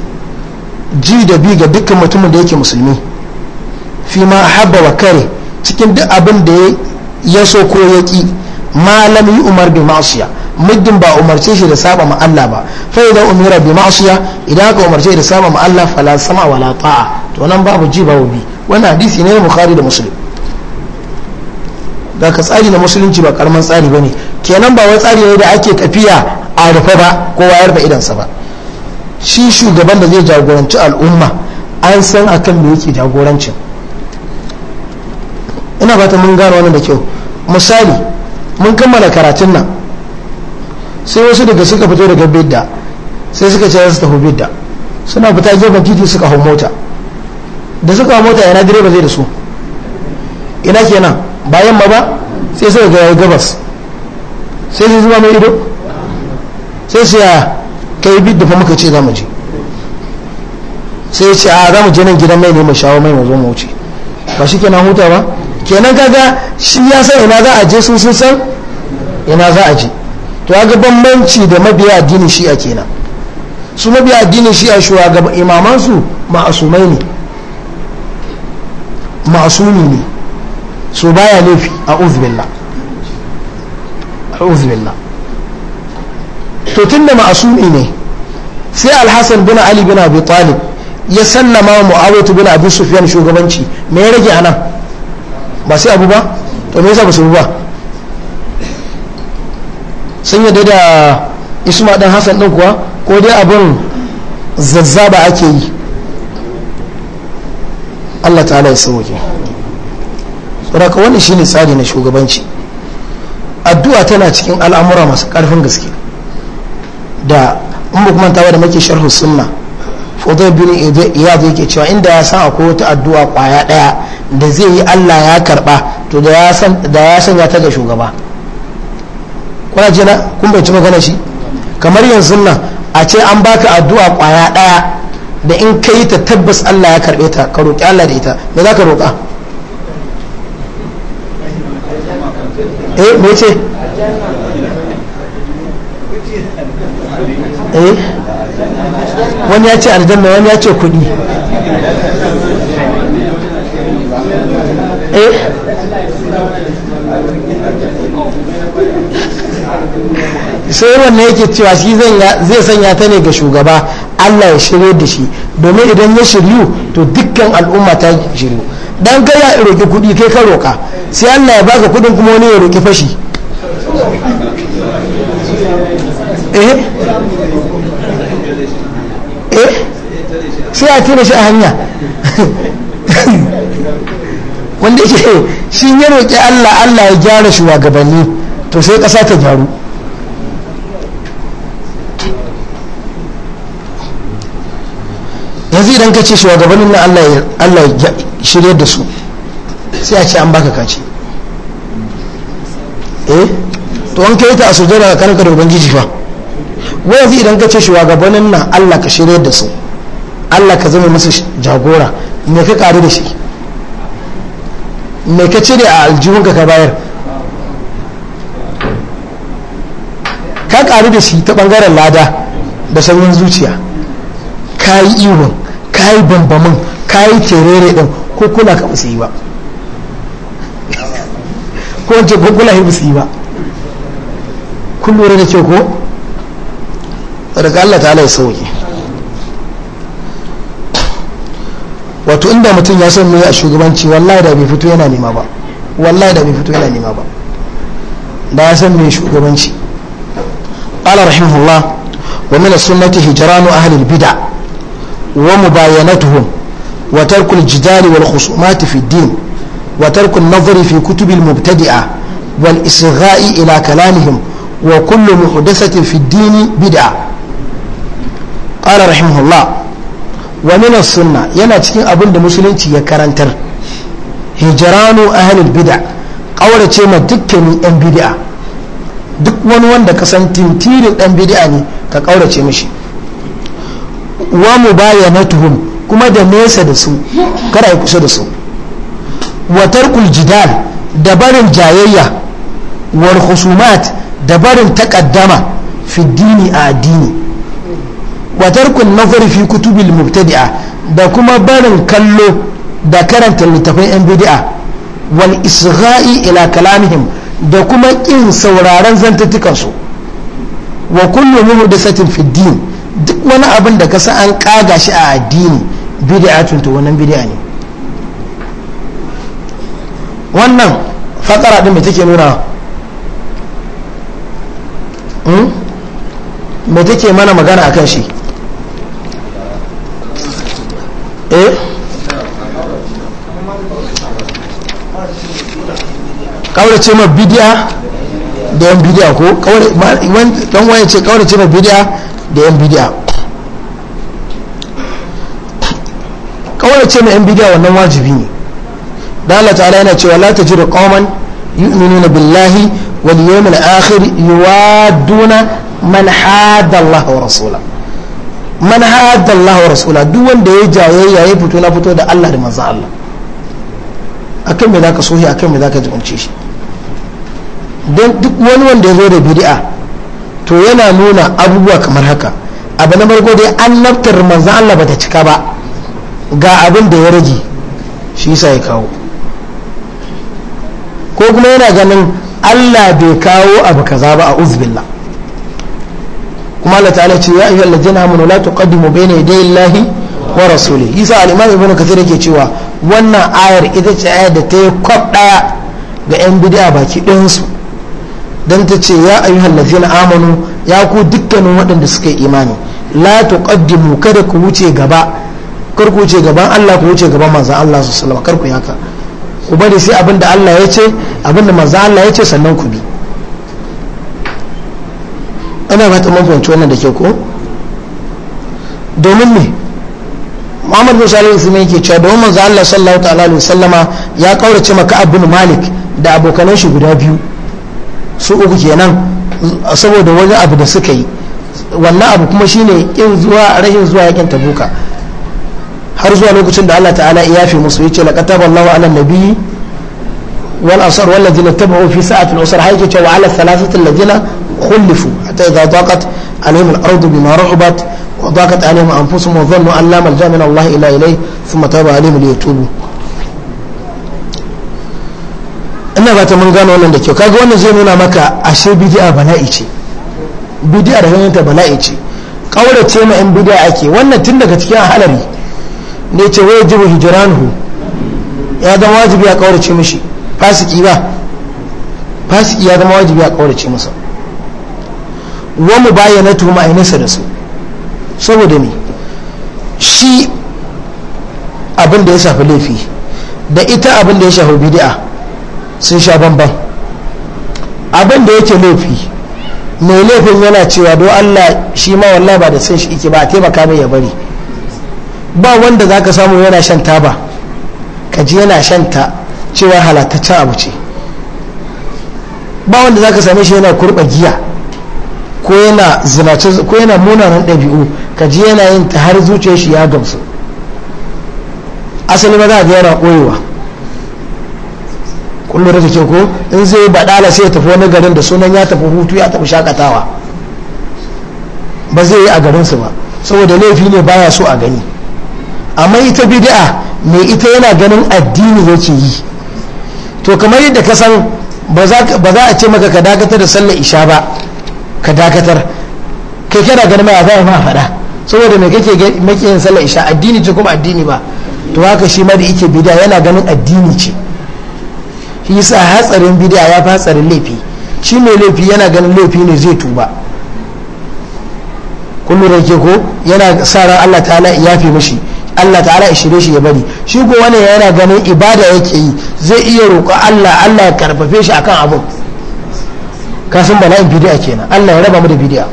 ji da bi ga dukkan mutumin da yake musulmi fi ma habba wa kare cikin duk abin da ya so ko ya ki malami umar bin ma'asiya muddin ba umarce shi da saba ma Allah ba fa idza umira bi ma'siya idan aka umarce da saba ma Allah fala sama wala ta'a to nan babu ji babu bi wannan hadisi ne bukhari da muslim da ka tsari na musulunci ba karaman tsari bane kenan ba wai tsari ne da ake kafiya a rufe ba wayar da rufe idansa ba shi shugaban da zai jagoranci al'umma an san akan me yake jagorancin ina fata mun gano wannan da kyau misali mun kammala karatun nan sai wasu daga suka fito daga bidda sai suka ce su tafi bidda suna fita gefen titi suka hau mota da suka hau mota yana direba zai da su ina kenan bayan ma ba sai suka ga gabas sai su zuba mai ido sai su ya kai bidda fa muka ce za mu je sai ya ce a za mu je nan gidan mai ne mu shawo mai mu zo mu wuce ba shi kenan huta ba kenan kaga shi ya san ina za a je sun sun san ina za a je to ga bambanci da mabiya addinin shi'a kenan su mabiya addinin shi'a shugaban imamansu ma'asumai ne ma'asumi ne so baya laifi a uzbillah a uzbillah to tun da ma'asumi ne sai alhassan bin ali bin abi talib ya sallama wa mu'awiyatu bin abi sufyan shugabanci me ya rage anan ba sai abu ba to me yasa ba su ba sun yadda da isma dan hassan din kuwa ko dai abin zazzaba ake yi allah ta'ala ya sauke tsoraka wani shi ne tsari na shugabanci addu'a tana cikin al'amura masu karfin gaske da in da muke sharhu sunna fodai bin iyad yake cewa inda ya san akwai wata addu'a kwaya daya da zai yi allah ya karba to da ya san ya ta ga shugaba kuna ce na kun bai ci magana shi kamar yanzu nan a ce an baka addu'a kwaya daya da in ka yi ta tabbas Allah ya karbe ta ka roƙi Allah da ita me za ka roƙa eh me ce eh wani ya ce aljanna wani ya ce kuɗi eh sai wannan yake cewa shi zai sanya ta ne ga shugaba Allah ya shirye da shi domin idan ya shiryu to dukkan al'umma ta shiryu dan kai ya roƙi kuɗi kai ka roka sai Allah ya baka kuɗin kuma wani ya roƙi fashi eh eh sai a tura shi a hanya [laughs] wanda yake shi ya roƙi Allah Allah ya gyara shugabanni to sai ƙasa ta gyaru yanzu idan ka ce gabanin na Allah ya shirya da su sai a ce an baka kaci eh to an kai ta a sujada ka karka da ubangiji fa yanzu idan ka ce gabanin na Allah ka shirya da su Allah ka zama musu jagora me ka kare da shi me ka cire a aljihunka ka bayar ka kare da shi ta bangaren lada da sanin zuciya ka yi iwon. ka yi bambamin ka yi terere din ko kula ka su yi ba ko wance ko kula ba su yi ba kun lura da ce ko daga Allah ta ya sauke wato inda mutum ya san a shugabanci wallahi da bai fito yana nema ba wallahi da bai fito yana nema ba da ya san mai shugabanci قال رحمه الله ومن السنة هجران أهل البدع ومباينتهم وترك الجدال والخصومات في الدين وترك النظر في كتب المبتدئة والإصغاء إلى كلامهم وكل محدثة في الدين بدعة قال رحمه الله ومن السنة ينا تكين أبن المسلمين يكرنتر هجران أهل البدع قولة ما دكني أن بدعة duk wani wanda ka san tintirin dan bid'a ne ka kaurace mishi wa tuhum kuma da nesa da su kada ya kusa da su wa tarkul jidal da barin jayayya wal da barin takaddama fi dini a addini wa tarkul nazari fi kutubil mubtadi'a da kuma barin kallo da karanta littafin yan bid'a wal isra'i ila kalamihim da kuma kin sauraron zantattukansu wa kullu muhdathatin fi din wani abin da kasa an kaga shi a addini bid'atun to wannan bid'a ne wannan fakara din me take nuna hmm? me take mana magana akan shi eh ce ma bidiya da yan bidiya ko dan waye ce kaurace ma bidiya da yan bidiya ce na yan bidiyar wannan wajibi ne da Allah ta'ala yana cewa la ta tajidu qauman yu'minuna billahi wal yawmil akhir yuwaduna man hada Allah wa rasula man hada Allah wa rasula duk wanda ya jayayya ya fito na fito da Allah da manzo Allah akan me zaka sohi akan me zaka jibance shi don duk wani wanda ya zo da bid'a to yana nuna abubuwa kamar haka abu na farko dai annabtar manzo Allah bata cika ba ga abin da ya rage shi sa ya kawo ko kuma yana ganin allah bai kawo abu kaza ba a uzbilla kuma allah ta'ala ce ya ayyuhal ladina amanu la tuqaddimu bayna yaday llahi wa rasuli yasa al-imam ibn kathir yake cewa wannan ayar ita ce ayar da ta yi kwab daya ga yan bid'a baki ɗinsu su dan ta ce ya ayyuhal ladina amanu ya ku dukkanin waɗanda suka yi imani la tuqaddimu kada ku wuce gaba kar ku wuce gaban Allah ku wuce gaban manzan Allah su salama kar ku yaka ku bari sai abin da Allah ya ce abin da manzan Allah ya ce sannan ku bi ana ba ta mafanci wannan da ke ko domin ne Muhammad bin Salih Uthman yake cewa domin manzan Allah sallallahu ta'ala alaihi sallama ya kaurace maka abin Malik da abokanan shi guda biyu su uku kenan saboda wani abu da suka yi wannan abu kuma shine in zuwa rahin zuwa yakin tabuka har zuwa lokacin da Allah ta'ala ya fi musu yace laqad taballahu ala nabiyyi wal asar wal ladina tabu fi sa'atil usr hayke cewa ala thalathati alladina khulifu hatta idha daqat alaihim al-ardu bima rahabat wa daqat alaihim anfusuhum wa dhannu an la malja min Allah ila ilayhi thumma taba alaihim liyatubu ina ba ta mun gano wannan da kyau kaga wannan zai nuna maka ashe bid'a bala'i ce bid'a da ganin ta bala'i ce kaurace ma in bid'a ake wannan tun daga cikin halari ne ce wai jibu ya zama wajibi a kaurace mishi fasiki ba fasiki ya zama wajibi a kaurace masa wa mu bayyana tu a nesa da su saboda ne shi abin da ya shafi laifi da ita abin da ya shafi bid'a sun sha bamban abin da yake laifi mai laifin yana cewa don allah shi ma wallah ba da sun shi ike ba a taimaka mai ya bari ba wanda za ka samu yana shan taba ka ji yana shan ta cewa halattaccen abu ce ba wanda za ka same shi yana kurba giya ko yana munanan ɗabi'u ka ji yana yin ta har zuciyar shi ya gamsu asali ba za ga yana koyewa kullum da ke ko in zai ba baɗala sai ya tafi wani garin da sunan ya tafi hutu ya tafi shakatawa ba zai yi a garinsu ba saboda laifi ne baya so a gani amma ita bid'a mai ita yana ganin addini yake yi to kamar yadda ka san ba za a ce maka ka dakatar da sallar isha ba ka dakatar kai kana ganin mai azaba ma faɗa saboda mai kake maki yin sallar isha addini ce kuma addini ba to haka shi ma da yake bid'a yana ganin addini ce shi yasa hatsarin bidi'a ya fi hatsarin laifi shi mai laifi yana ganin laifi ne zai tuba kullum da ke ko yana sa ran Allah ta'ala ya fi mishi Allah ta'ala ya shirye shi ya bari shi ko wani yana ganin ibada yake yi zai iya roƙo Allah Allah ya karfafe shi akan Ka san bala'in bidiya kenan Allah ya raba mu da bidiya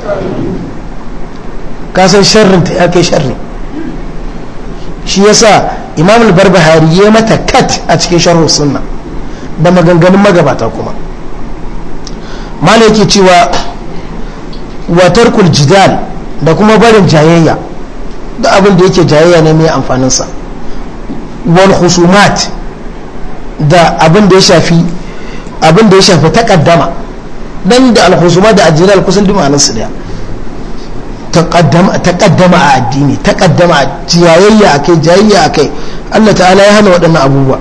san sharrin ta ya sharri shi yasa imam al-barbahari ya mata kat a cikin sharhu sunna da maganganun magabata kuma malaki cewa wa jidal da kuma barin jayayya da abin da yake jayayya na mai amfaninsa wal husumat da abin da ya shafi abin da ya shafi takaddama dan da al husumat da ajilal kusan duk ma'anar su daya takaddama a addini takaddama a jayayya akai jayayya akai Allah ta'ala ya hana waɗannan abubuwa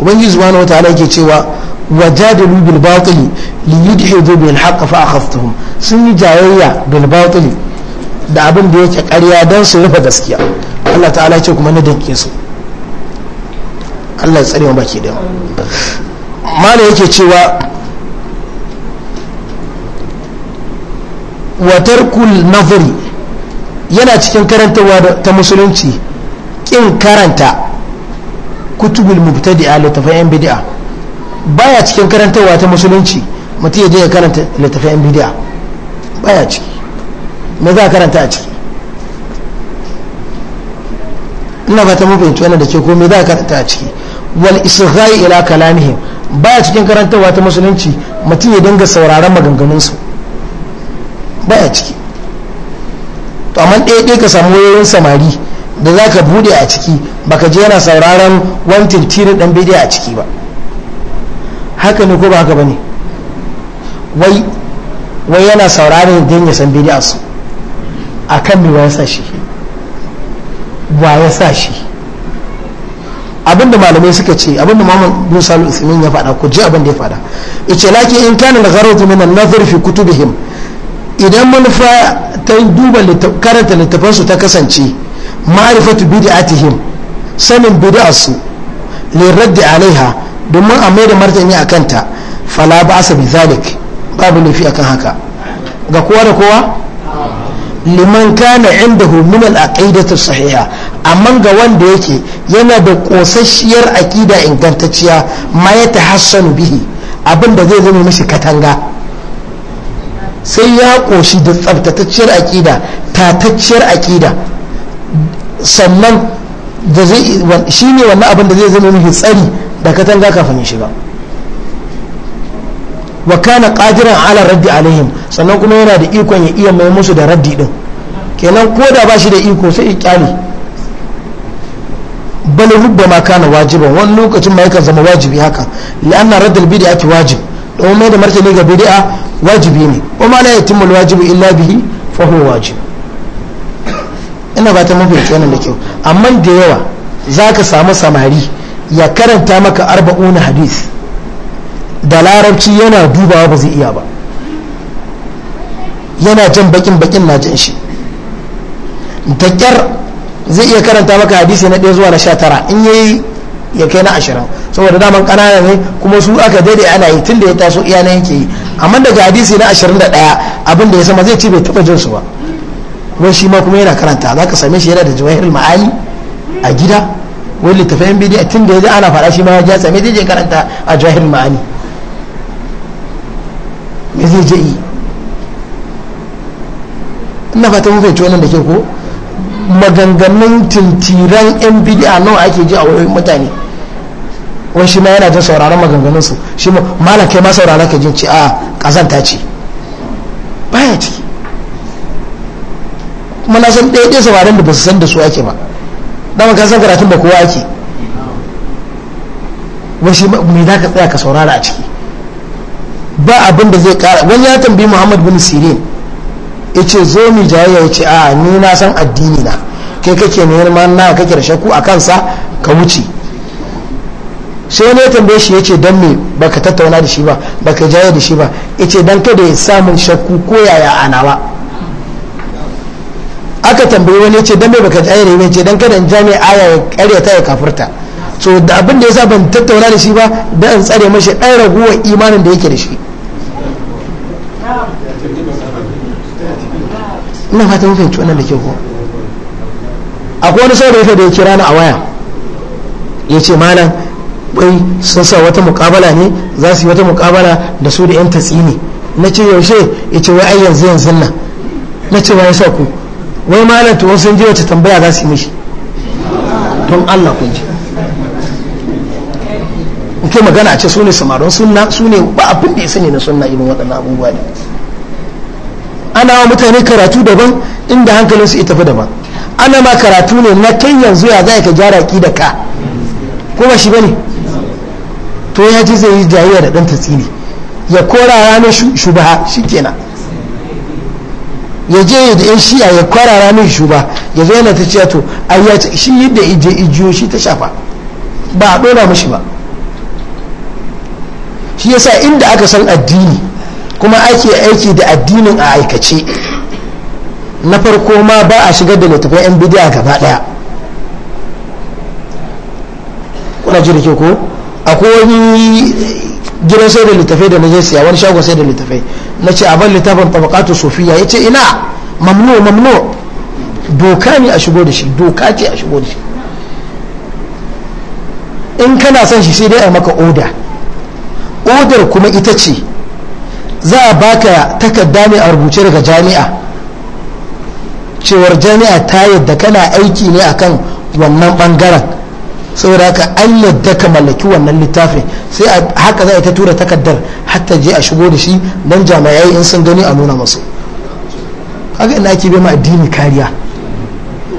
ubangiji subhanahu wataala yake cewa wajadalu bil batil li yudhidu bil haqq fa akhaftuhum sun yi jayayya bil batil da abin da yake karya don su rufe gaskiya Allah ta'ala ce kuma na danke su Allah ya tsare mu baki da mala yake cewa tarkul nazari yana cikin karantarwa ta musulunci kin karanta kutubul mubtadi'a littafin yan bid'a baya cikin karantarwa ta musulunci mutum ya je ya karanta littafin yan bid'a baya ciki me za a karanta a ciki ina fata mun fahimci wannan da ke ko za a karanta a ciki wal isra'i ila kalamihim baya cikin karantarwa ta musulunci mutum ya dinga sauraron maganganunsu baya ciki to amma ɗaya ka samu wayoyin samari da za ka bude a ciki baka je yana sauraron wantin tirin dan bidiya a ciki ba haka ne ko ba haka ba ne wai yana sauraron don ya san a su a kan mai ya sa shi wa ya shi abinda malamai suka ce abinda mamman musa al ya faɗa ku ji abinda ya faɗa ice laki in kana da gharatu min an-nazar fi kutubihim idan manufa ta duba karanta littafansu ta kasance ma'rifatu bid'atihim sanin su bid'arsu raddi alaiha domin a mai da martani a kanta fala ba bi zalik babu nufi akan haka ga kowa da kowa liman kana indahu min al-aqidatu sahiha amma ga wanda yake yana da kosasshiyar aqida ingantacciya ma ya tahassanu bihi abinda zai zama mishi katanga sai ya koshi da tsabtatacciyar aqida tatacciyar aqida sannan da zai shine wannan abin da zai zama mishi tsari da katanga kafin ya shiga wa kana qadiran ala raddi alaihim sannan kuma yana da ikon ya iya mai musu da raddi din kenan ko da ba shi da iko sai ya kyale bal rubba ma kana wajiban wani lokacin ma yakan zama wajibi haka li'anna raddal bid'a ki wajib don mai da martani ga bid'a wajibi ne wa ma la yatimmu wajibu illa bihi fa huwa wajib ina ba ta mafi kenan da kyau amma da yawa zaka samu samari ya karanta maka arba'una hadisi da larabci yana dubawa ba zai iya ba yana jan bakin bakin na jan shi da zai iya karanta maka hadisi na daya zuwa na 19 in yayi ya kai na ashirin saboda daman kanana ne kuma su aka daidai ana yi tun da ya taso iya na yanke yi amma daga hadisi na ashirin da abin da ya sama zai ci bai taɓa jinsu ba kuma shi ma kuma yana karanta za ka same shi yana da jawahirul ma'ani a gida wani littafin bidiyar tun da ya ana faɗa shi ma ya same zai je karanta a jawahirul ma'ani me zai je yi ina fata mun fahimci wannan da ke ko maganganun tintiran yan bid'a nawa ake ji a wurin mutane wani shi ma yana jin sauraron maganganun su shi ma malam kai ma sauraron ka jin ci a kazanta ce baya ciki kuma na san ɗaya ɗaya sauraron da ba su san da su ake ba dama ka san karatun ba kowa ake wani shi mai za ka tsaya ka saurara a ciki ba abin da zai kara wani ya tambayi muhammad bin sirin ya ce zo mi jayayya ya ce a ni na san addini na kai kake ne ma na kake da shakku a kansa ka wuce sai ne tambaye shi ya ce don me baka tattauna da shi ba baka jayayya da shi ba ya ce don kada ya samun shakku ko yaya ana ba aka tambayi wani ya ce don me baka jayayya da ya ce don kada in jami aya ya karyata ya kafurta so da abin da ya sa ban tattauna da shi ba da in tsare mashi ɗan raguwar imanin da yake da shi ina fata mun fahimci wannan da ke ko akwai wani saurayi da ya kira ni a waya ya ce malam wai sun sa wata mukabala ne za su yi wata mukabala da su da yan tatsini na ce yaushe ya ce wai ai yanzu yanzu nan na ce wai sa ku wai malam to sun je wata tambaya za su yi mishi don Allah kun ji ke magana a ce su ne samarin sunna su ne ba abin da ya sani na sunna irin waɗannan abubuwa ne ana wa mutane karatu daban inda hankalin su tafi daban ana ma karatu ne na kai yanzu ya zai ka gyara ki da ka ko ba shi bane to ya ji zai yi jayayya da dan tatsini ya kora ranar shubaha shikenan ya je da yan shiya ya kora ranar shuba ya zo yana ta ciyato to ai ya ce shi yadda ije ijiyo shi ta shafa ba a dora mashi ba shi yasa inda aka san addini kuma ake aiki da addinin a aikace na farko ma ba a shigar da littafin yan bidiya gaba daya kuna ji da ke ko akwai wani gidan sai da littafai da na je siya wani shagon sai da littafai na ce a bar littafin tabakatu sofiya ya ce ina mamno mamno doka ne a shigo da shi doka ce a shigo da shi in kana son shi sai dai a maka oda odar kuma ita ce za a baka takarda mai a rubuce daga jami'a cewar jami'a ta yadda kana aiki ne akan wannan bangaren saboda haka an yadda ka mallaki wannan littafin sai haka za a ta tura takardar hatta je a shigo da shi don jami'ai in sun gani a nuna masu haka ina ake ma addini kariya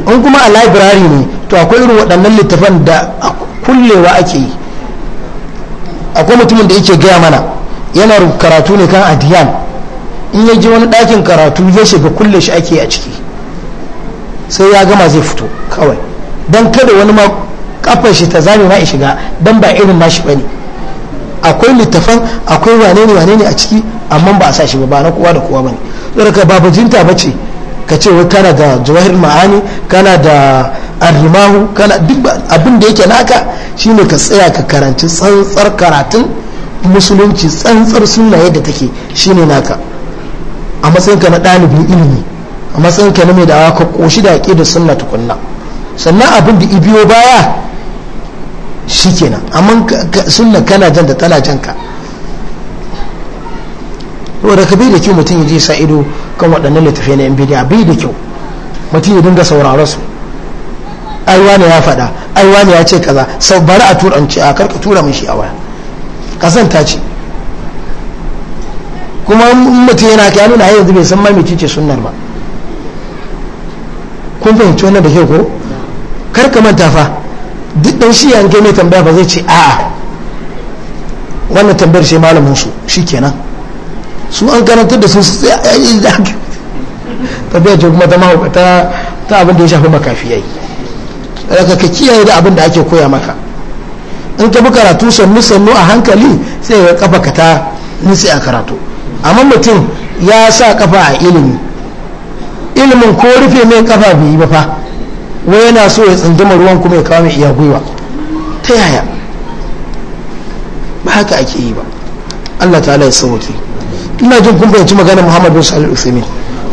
in kuma a library ne to akwai irin waɗannan littafan da kullewa ake yi akwai mutumin da yake gaya mana yana karatu ne kan adiyan in ya ji wani ɗakin karatu ya shiga kulle shi ake a ciki sai ya gama zai fito kawai don kada wani ma kafar shi ta zame ma shiga don ba irin ma ba bane akwai littafan akwai wane ne wane ne a ciki amma ba a sa shi ba ba na kowa da kowa bane ka babu jinta ba ce ka ce wai kana da jawahir ma'ani kana da arrimahu kana duk abin da yake naka shine ka tsaya ka karanci tsantsar karatun musulunci tsantsar sunna yadda take shine naka a matsayinka na ɗalibin ilimi a matsayinka na mai dawa ka koshi da ake da sunna tukunna sannan abin da ibiyo baya shi kenan amma sunna kana jan da tana jan ka wadda ka bai da kyau mutum ya je sa ido kan waɗannan littafi na yan bidiya bai da kyau mutum ya dinga sauraron su aiwa wani ya faɗa aiwa wani ya ce kaza sau bari a turanci a karka tura mun shi a waya Kasan ta ce kuma mutum yana ka nuna yanzu bai san mamici ce sunnar ba kun fahimci wannan da kyau ko kar ka manta fa duk dan shi yanke mai tambaya ba zai ce a'a wannan tambayar shi malamin su kenan su an karantar da su su tsaye tabbiyar ce kuma ta ta abin da ya shafi makafi yayi daga ka kiyaye da abin da ake koya maka in ka bi karatu sannu sannu a hankali sai ya kafa ka ta nisi a karatu amma mutum ya sa kafa a ilimi ilimin ko rufe mai kafa bai yi ba fa wai yana so ya tsunduma ruwan kuma ya kawo mai iya gwiwa ta yaya ba haka ake yi ba Allah ta'ala ya sauke ina jin kun fahimci magana Muhammadu bin Salih Usaimin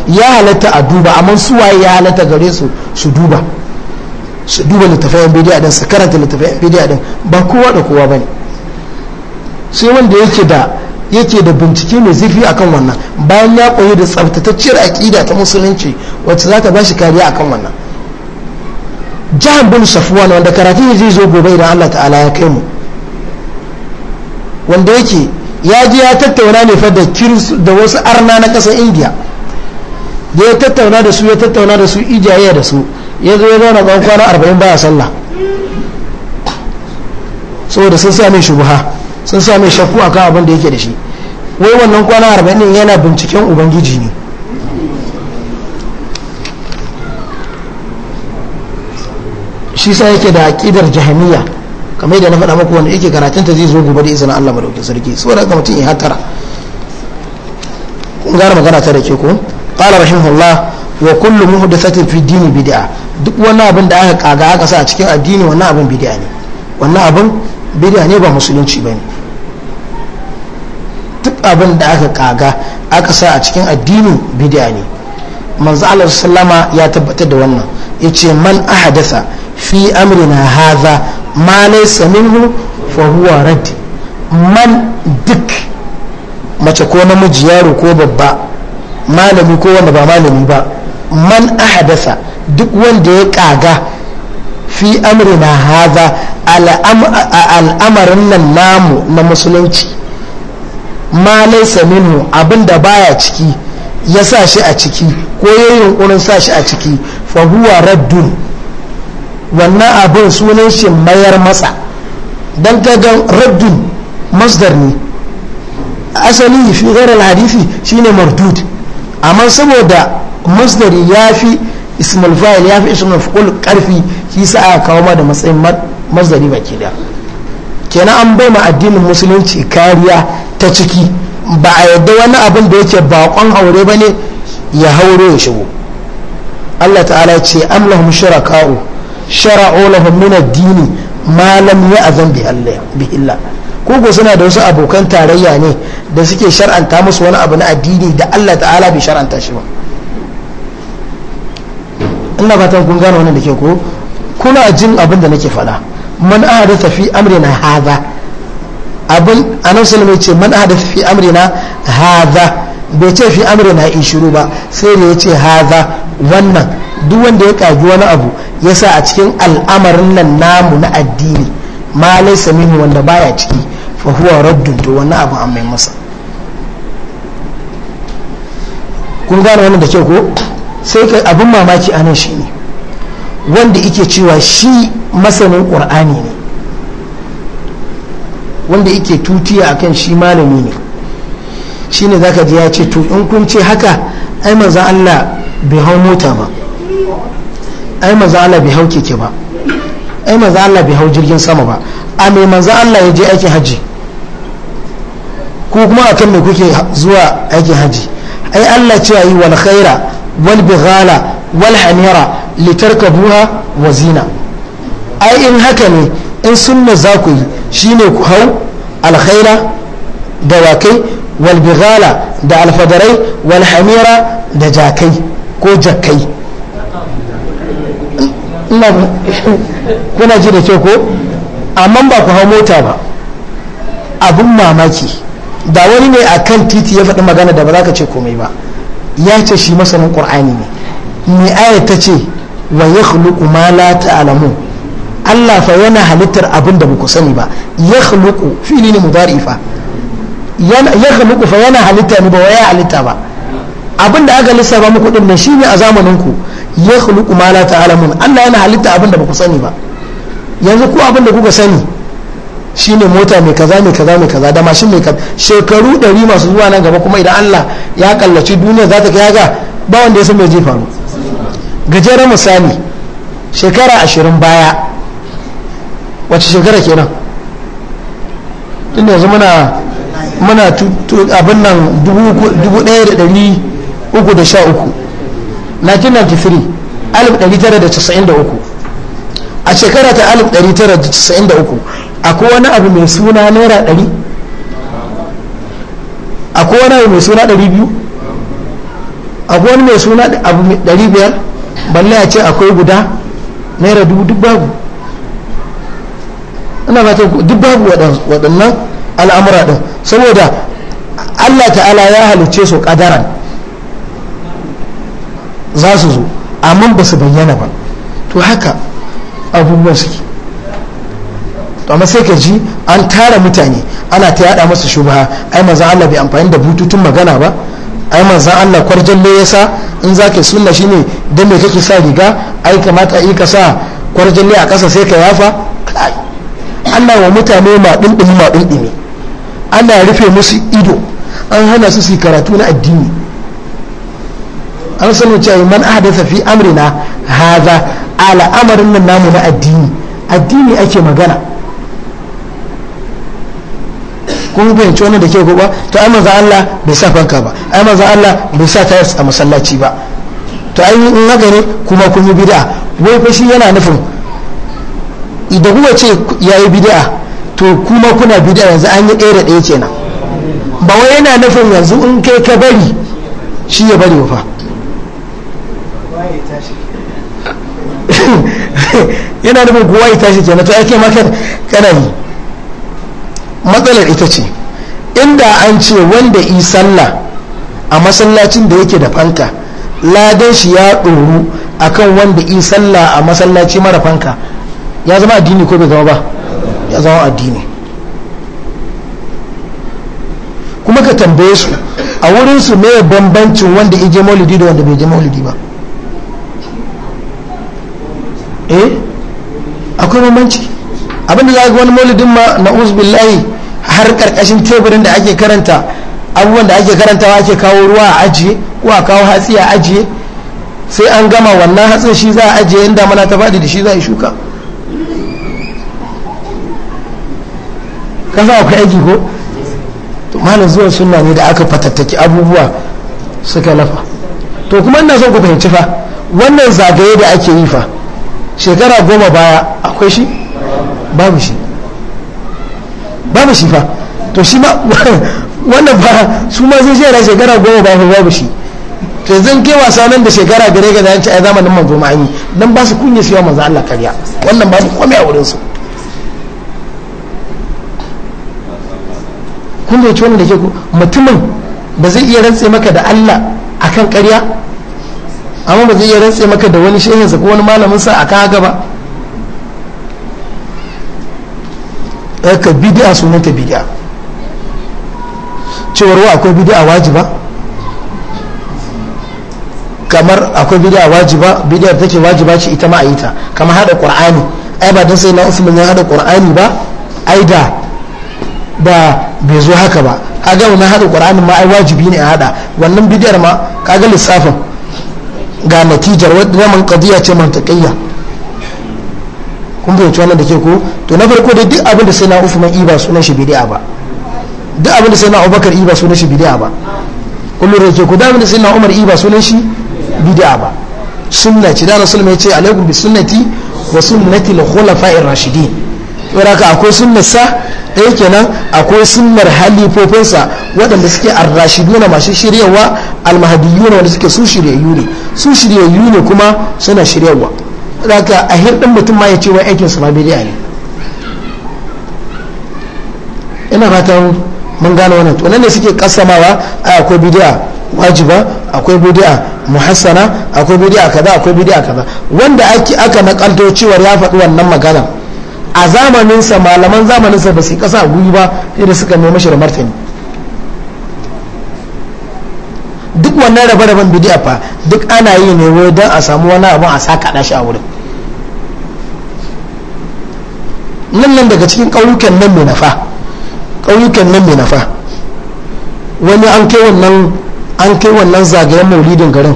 ya halatta a duba amma waye ya halatta gare su su duba su duba littafayen bidiyo din su karanta littafayen bidiyo din ba kowa da kowa bane sai wanda yake da yake da bincike mai zurfi akan wannan bayan ya koyi da tsabtataccen aqida ta musulunci wacce za ta ba shi kariya akan wannan jahan bin safuwan wanda karatun zai zo gobe idan allah ta'ala ya kai mu wanda yake ya ji ya tattauna ne fa da da wasu arna na ƙasar indiya da ya tattauna da su ya tattauna da su ijaye da su ya zo ya zauna tsawon kwana arba'in baya sallah saboda sun sa mai shubuha sun sa mai shakku kan abin da yake da shi wai wannan kwana arba'in din yana binciken ubangiji ne shi sa yake da aƙidar jahamiya kamar yadda na faɗa muku wanda yake karatun ta zai zo gobe da izinin Allah madaukakin sarki saboda haka mutum ya hatara kun gara magana ta da ke ko qala rahimahullah wa kullu muhdathatin fi dini bid'a duk wani abin da aka kaga aka sa a cikin addini wannan abin bid'a ne wannan abin bid'a ne ba musulunci ba ne duk abin da aka kaga aka sa a cikin addini bid'a ne manzo Allah sallama ya tabbatar da wannan yace man ahadatha fi amrina hadha ma laysa minhu fa huwa rad man duk mace ko namiji yaro ko babba malami ko wanda ba malami ba man ahadasa duk wanda ya kaga fi amri amrina haza al'amarin nan namu na musulunci ma laisa minhu abinda baya ciki ya sa shi a ciki ko ya yi yunkurin sa shi a ciki fa huwa raddun wannan abin sunan shi mayar matsa don kagan raddun masdar ne asali fi gharar hadisi shine mardud amma saboda masdari ya fi ismul fa'il ya fi ismul fa'il karfi shi sa aka kawo ma da matsayin masdari baki da kenan an bai ma addinin musulunci kariya ta ciki ba a yadda wani abin da yake bakon haure ba ne ya hauro ya shigo Allah ta'ala ce am lahum shuraka'u shara'u lahum min ad-dini ma lam ya'zan bi Allah bi illa ko suna da wasu abokan tarayya ne da suke shar'anta musu wani abu na addini da Allah ta'ala bai shar'anta shi ba ina fatan kun gane wannan da ke ko kuna jin abin da nake faɗa man ahdatha fi amrina hadha abin annabi sallallahu alaihi ce man ahdatha fi amrina hadha bai ce fi amrina in shiru ba sai da ya ce hadha wannan duk wanda ya kaji wani abu yasa a cikin al'amarin nan namu na addini ma laysa minhu wanda baya ciki fa huwa raddun to wannan abu an mai masa kun gane wannan da ke ko sai kai abin mamaki a nan shine wanda yake cewa shi masanin ƙur'ani ne wanda yake tutiya akan shi malami ne shine ka ji ya ce to in kun ce haka ai maza Allah bai hau mota ba ai maza Allah bai hau keke ba ai maza Allah bai hau jirgin sama ba a mai maza Allah ya je aikin haji ko kuma akan me kuke zuwa aikin haji ai Allah cewa yi wal khaira walbighala walhamira litarkabuha wa wazina ai in haka ne in sunna za ku yi shi ne ku hau alkhaira da wakai walbighala da alfadarai walhamira da jakai ko jakai kuna ji da ke ko amma ba ku hau mota ba abin mamaki da wani ne a kan titi ya faɗi magana da ba za ka ce komai ba ya ce shi masanin ƙur'ani ne mai aya ta ce wa ya khluqu ma la ta'lamu Allah fa yana halittar abin da ku sani ba ya khluqu fili ne mudari fa ya khluqu fa yana halitta ne ba wa ya halitta ba abin da aka lissafa muku din ne shine a zamanin ku ya khluqu ma la ta'lamun Allah yana halitta abin da ku sani ba yanzu ku abin da kuka sani shine mota mai kaza mai kaza mai kaza da mashin mai kaza shekaru ɗari masu zuwa nan gaba kuma idan Allah ya kallaci duniya za ta kai ga ba wanda ya san mai zai faru gajeren misali shekara ashirin baya wace shekara kenan tun yanzu muna muna abin nan dubu ɗaya da ɗari uku da sha uku 1993 1993 a shekara ta 1993 akwai wani abu mai suna naira ɗari akwai wani abu mai suna ɗari biyu akwai wani mai suna abu ɗari biyar balle a ce akwai guda naira dubu duk babu ina fata duk babu waɗannan al'amura ɗin saboda allah ta'ala ya halicce su ƙadaran za su zo amma ba su bayyana ba to haka abubuwan suke to amma sai ka ji an tara mutane ana ta yada masa shubha ai manzon Allah bai amfani da bututun magana ba ai manzon Allah kwarjalle yasa in zaka sunna shine dan me kake sa riga ai kamata yi ka sa kwarjalle a kasa sai ka yafa Allah wa mutane ma din ma Allah ya rufe musu ido an hana su su karatu na addini an sanu cewa man ahdatha fi amrina hadha ala amrin nan namu na addini addini ake magana kun fahimci wani da ke ko ba to ai manzo Allah bai sa fanka ba ai manzo Allah bai sa tayas a masallaci ba to ai in haka ne kuma kun yi bid'a wai fa shi yana nufin idan kuka ce yayi bid'a to kuma kuna bid'a yanzu an yi ɗaya da ɗaya kenan ba wai yana nufin yanzu in kai ka bari shi ya bari fa [laughs] yana nufin kowa ya tashi kenan to ake maka kana yi matsalar ita ce inda an ce wanda yi sallah a masallacin da yake da fanka ladan shi ya ɗoru akan wanda yi sallah a masallaci mara fanka ya zama addini ko bai zama ba ya zama addini kuma ka tambaye su a wurin su bambancin wanda ije maulidi da wanda bai je maulidi ba eh akwai bambanci abin da za ga wani maulidin ma na billahi har karkashin teburin da ake karanta abubuwan da ake karantawa ake kawo ruwa a ajiye ko a kawo hatsi a ajiye sai an gama wannan hatsin shi za a ajiye inda mana ta faɗi da shi za a yi shuka ka za ku aiki ko to malam zuwa sunna ne da aka fatattaki abubuwa suka lafa to kuma ina son ku fahimci fa wannan zagaye da ake yi fa shekara goma baya akwai shi babu shi babu shi fa to shi ma [laughs] wannan ba su ma zai shera shekara goma ba fa babu shi to zan ke wasa nan da shekara gare ga zanci a zamanin manzo ma yi dan ba su kunya su manzo Allah kariya wannan ba su komai a wurin su kun da wannan da ke mutumin ba zai iya rantse maka da Allah akan kariya amma ba zai iya rantse maka da wani sa ko wani malamin sa akan haka ba ka bid'a sunanta bid'a cewar wa akwai bid'a wajiba kamar akwai bid'a wajiba bidiyar take wajiba ce ita ma a yi ta kamar hada qur'ani ai ba dan sai na usman ya hada qur'ani ba ai da ba bai zo haka ba kaga na hada qur'ani ma ai wajibi ne a hada wannan bidiyar ma kaga lissafin ga natijar wadda man qadiya ce mantaqiyya kun fahimci wannan da ke ko to na farko dai duk abin da sai na usman iba sunan shi bid'a ba duk abin da sai na abubakar iba sunan shi bid'a ba kullum da ke ko da da sai na umar iba sunan shi bid'a ba sunna ci da rasul mai ce alaikum bi sunnati wa sunnati al-khulafa'ir rashidin ka akwai sunnar sa ɗaya kenan akwai sunnar halifofinsa waɗanda suke arrashiduna masu shiryawa almahadiyuna wanda suke su shiryayyu ne su shiryayyu ne kuma suna shiryawa zaka a hirɗin mutum ma ya ce wai aikin sama bidiya ne ina fatan mun gane wannan to ne suke kasamawa a akwai bidiya wajiba akwai bidiya muhassana akwai bidiya kaza akwai bidiya kaza wanda ake aka nakalto cewa ya faɗi wannan magana a zamanin sa malaman zamanin sa ba su kasa guyi ba sai da suka nemi shi da martani duk wannan rabe-raben bidiya fa duk ana yi ne wai don a samu wani abu a saka shi a wurin nan nan daga cikin ƙauyukan nan mai nafa ƙauyukan nan mai nafa wani an kai wannan an kai wannan zagayen maulidin garin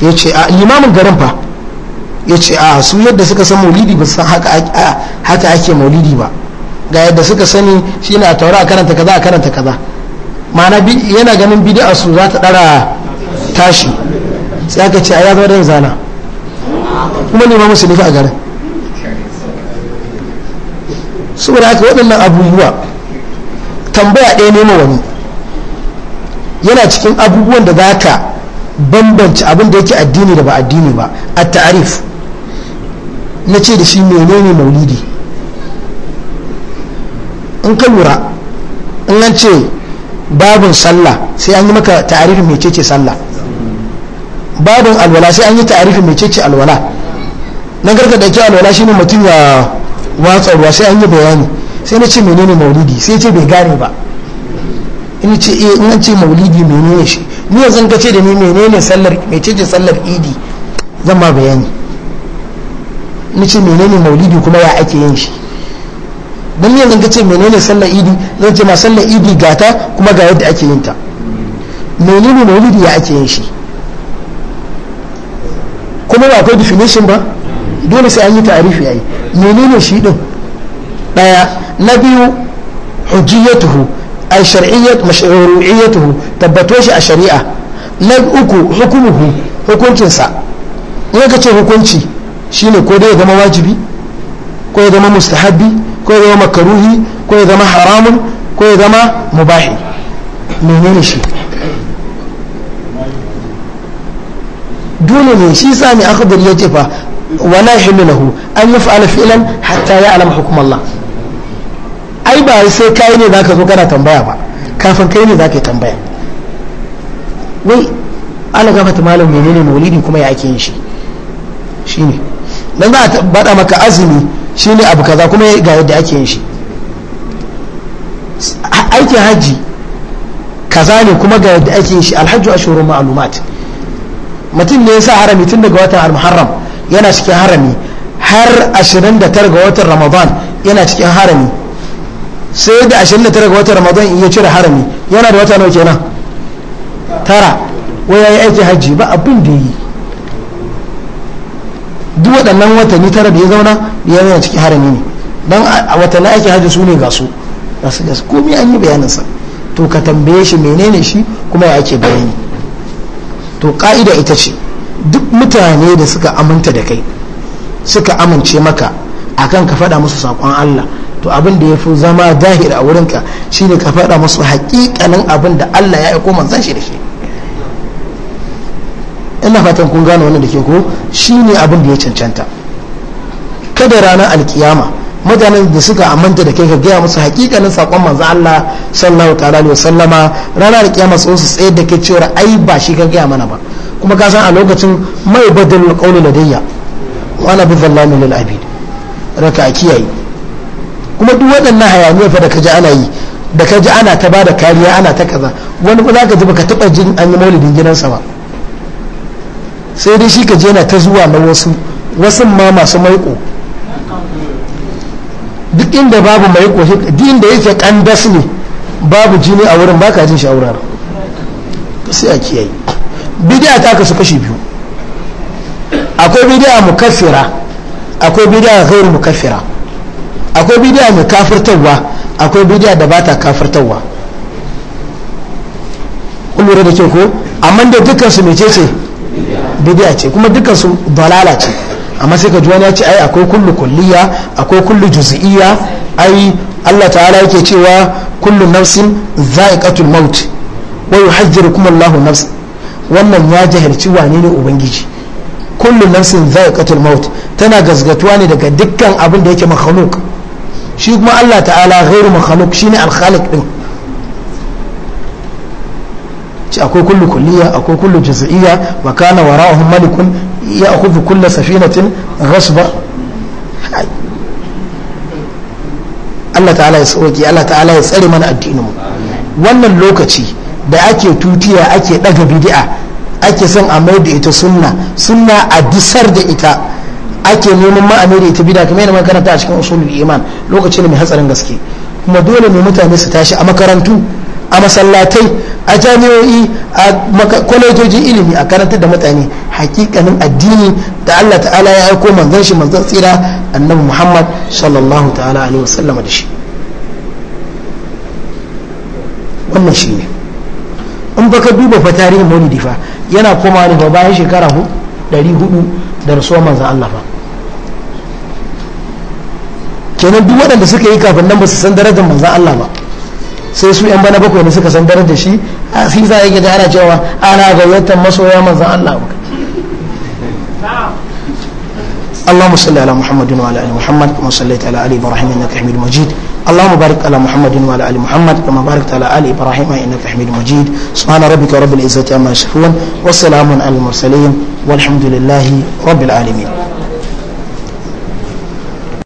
ya ce a limamin garin fa ya ce a su yadda suka san maulidi ba san haka ake maulidi ba ga yadda suka sani shi na taura a karanta kaza a karanta kaza ma'ana yana ganin bid'a su za ta dara tashi sai aka ce a ya zama zana kuma ne ma musulmi a garin saboda haka waɗannan abubuwa tambaya ɗaya nema wani yana cikin abubuwan da za ka bambanci abin da yake addini da ba addini ba a ta'arif na ce da shi menene maulidi in ka lura in an ce babin sallah sai an yi maka ta'arifin mecece sallah babin alwala sai an yi ta'arifin mecece alwala na da ke alwala shi ne mutum ya watsa ruwa sai an yi bayani sai na ce menene maulidi sai ce bai gane ba in ce eh in an ce maulidi menene shi ni yanzu ka ce da ni menene sallar mecece sallar idi zan ma bayani ni ce menene maulidi kuma ya ake yin shi dan yanzu ka ce menene sallar idi zan ce ma sallar idi gata kuma ga yadda ake yin ta menene maulidi ya ake yin shi kuma ba akwai definition ba dole sai an yi tarifi yayi menene shi din daya na biyu hujjiyatuhu ay shar'iyyat mashru'iyyatuhu tabbato shi a shari'a na uku hukumuhu hukuncinsa in ka ce hukunci shine ko dai ya zama wajibi ko ya zama mustahabbi ko ya zama makaruhi ko ya zama haramun ko ya zama mubahi menene shi dole ne shi sa ne aka bari ya ce fa ولا يحل له أن يفعل فعلا حتى يعلم حكم الله أي با سي كاي ذاك زو تنبايا با كافن كاي ذاك تنبايا وي أنا غفت مالم منين مولدي كما يا أكي شي shine dan za a bada maka azumi shine abu kaza kuma ga yadda ake yin shi aikin haji kaza ne kuma ga yadda ake yin shi Alhaji ashurun ma'lumat mutum ne ya sa harami tun daga watan al-muharram yana cikin harami har 29 ga watan ramadan yana cikin harami sai da 29 ga watan ramadan in ya cire harami yana da wata nawa kenan tara wai ya yi aikin hajji ba abin da yi duk waɗannan watanni tara da ya zauna ya yana cikin harami ne don a watanni aiki hajji su ne ga su ga su ga an yi bayaninsa to ka tambaye shi menene shi kuma ya ake bayani to ka'ida ita ce duk mutane da suka aminta da kai suka amince maka akan ka faɗa musu saƙon Allah to abin da ya fi zama zahiri a wurinka shine ka faɗa musu haƙiƙanin abin da Allah ya aiko manzan shi da shi ina fatan kun gane wannan da ke ko shine abin da ya cancanta kada ranar alkiyama mutanen da suka amanta da kai ka gaya musu haƙiƙanin saƙon manzan Allah sallallahu ta'ala alaihi wasallama ranar alkiyama su tsaye da kai cewa ai ba shi ka gaya mana ba kuma ka san a lokacin mai badalul qawli ladayya wa ana bizallamin lil abid raka a kiyaye kuma duk waɗannan hayaniya fa da kaji ana yi da kaji ana ta bada kariya ana ta kaza wani ba za ka ji baka taɓa jin an yi maulidin gidansa ba sai dai shi ka je yana ta zuwa na wasu wasu ma masu maiƙo duk inda babu maiƙo duk inda yake ƙandas ne babu jini a wurin baka jin shi a wuraren sai a kiyaye bidiya ta kasu kashi biyu akwai bidiya mukaffira akwai bidiya ghairu mukaffira akwai bidiya mai kafirtarwa akwai bidiya da ba ta kafirtarwa kullum da ke ko amma da dukkan su mece ce bidiya ce kuma dukkan su dalala ce amma sai ka ji wani ya ce ai akwai kullu kulliya akwai kullu juz'iyya ai Allah ta'ala yake cewa kullu nafsin za'iqatul maut wa yuhajjirukum Allahu nafsin wannan ya jahilci wane ne ubangiji kullu nafsin za'iqatul maut tana gazgatuwa ne daga dukkan abin da yake makhluk shi kuma Allah ta'ala ghairu makhluk shine al-khaliq din ci akwai kullu kulliya akwai kullu juz'iyya wa kana wara'uhum malikun ya'khudhu kulla safinatin ghasba Allah ta'ala ya sauki Allah ta'ala ya tsare mana addinin mu wannan lokaci da ake tutiya ake daga bid'a ake son a mai da ita sunna sunna a disar da ita ake neman ma'amai da ita bid'a kamar yana makaranta a cikin usulul iman lokacin mai hatsarin gaske kuma dole ne mutane su tashi a makarantu a masallatai a jami'o'i a kwalejojin ilimi a karantar da mutane hakikanin addini da Allah ta'ala ya aiko manzon shi manzon tsira annabi Muhammad sallallahu ta'ala alaihi wasallama da shi wannan shi ne in ba ka duba fa tarihin maulidi fa yana koma ne fa bayan shekara 400 da rasuwa manzan Allah fa kenan duk waɗanda suka yi kafin nan ba su san darajar manzan Allah ba sai su yan bana bakwai ne suka san darajar shi a shi za a yi ana cewa ana gayyatar masoya manzan Allah ba اللهم صل على محمد وعلى ال محمد كما صليت على ال ابراهيم انك حميد مجيد اللهم بارك على محمد وعلى ال محمد كما باركت على ال ابراهيم انك حميد مجيد سبحان ربك رب العزه عما يصفون وسلام على المرسلين والحمد لله رب العالمين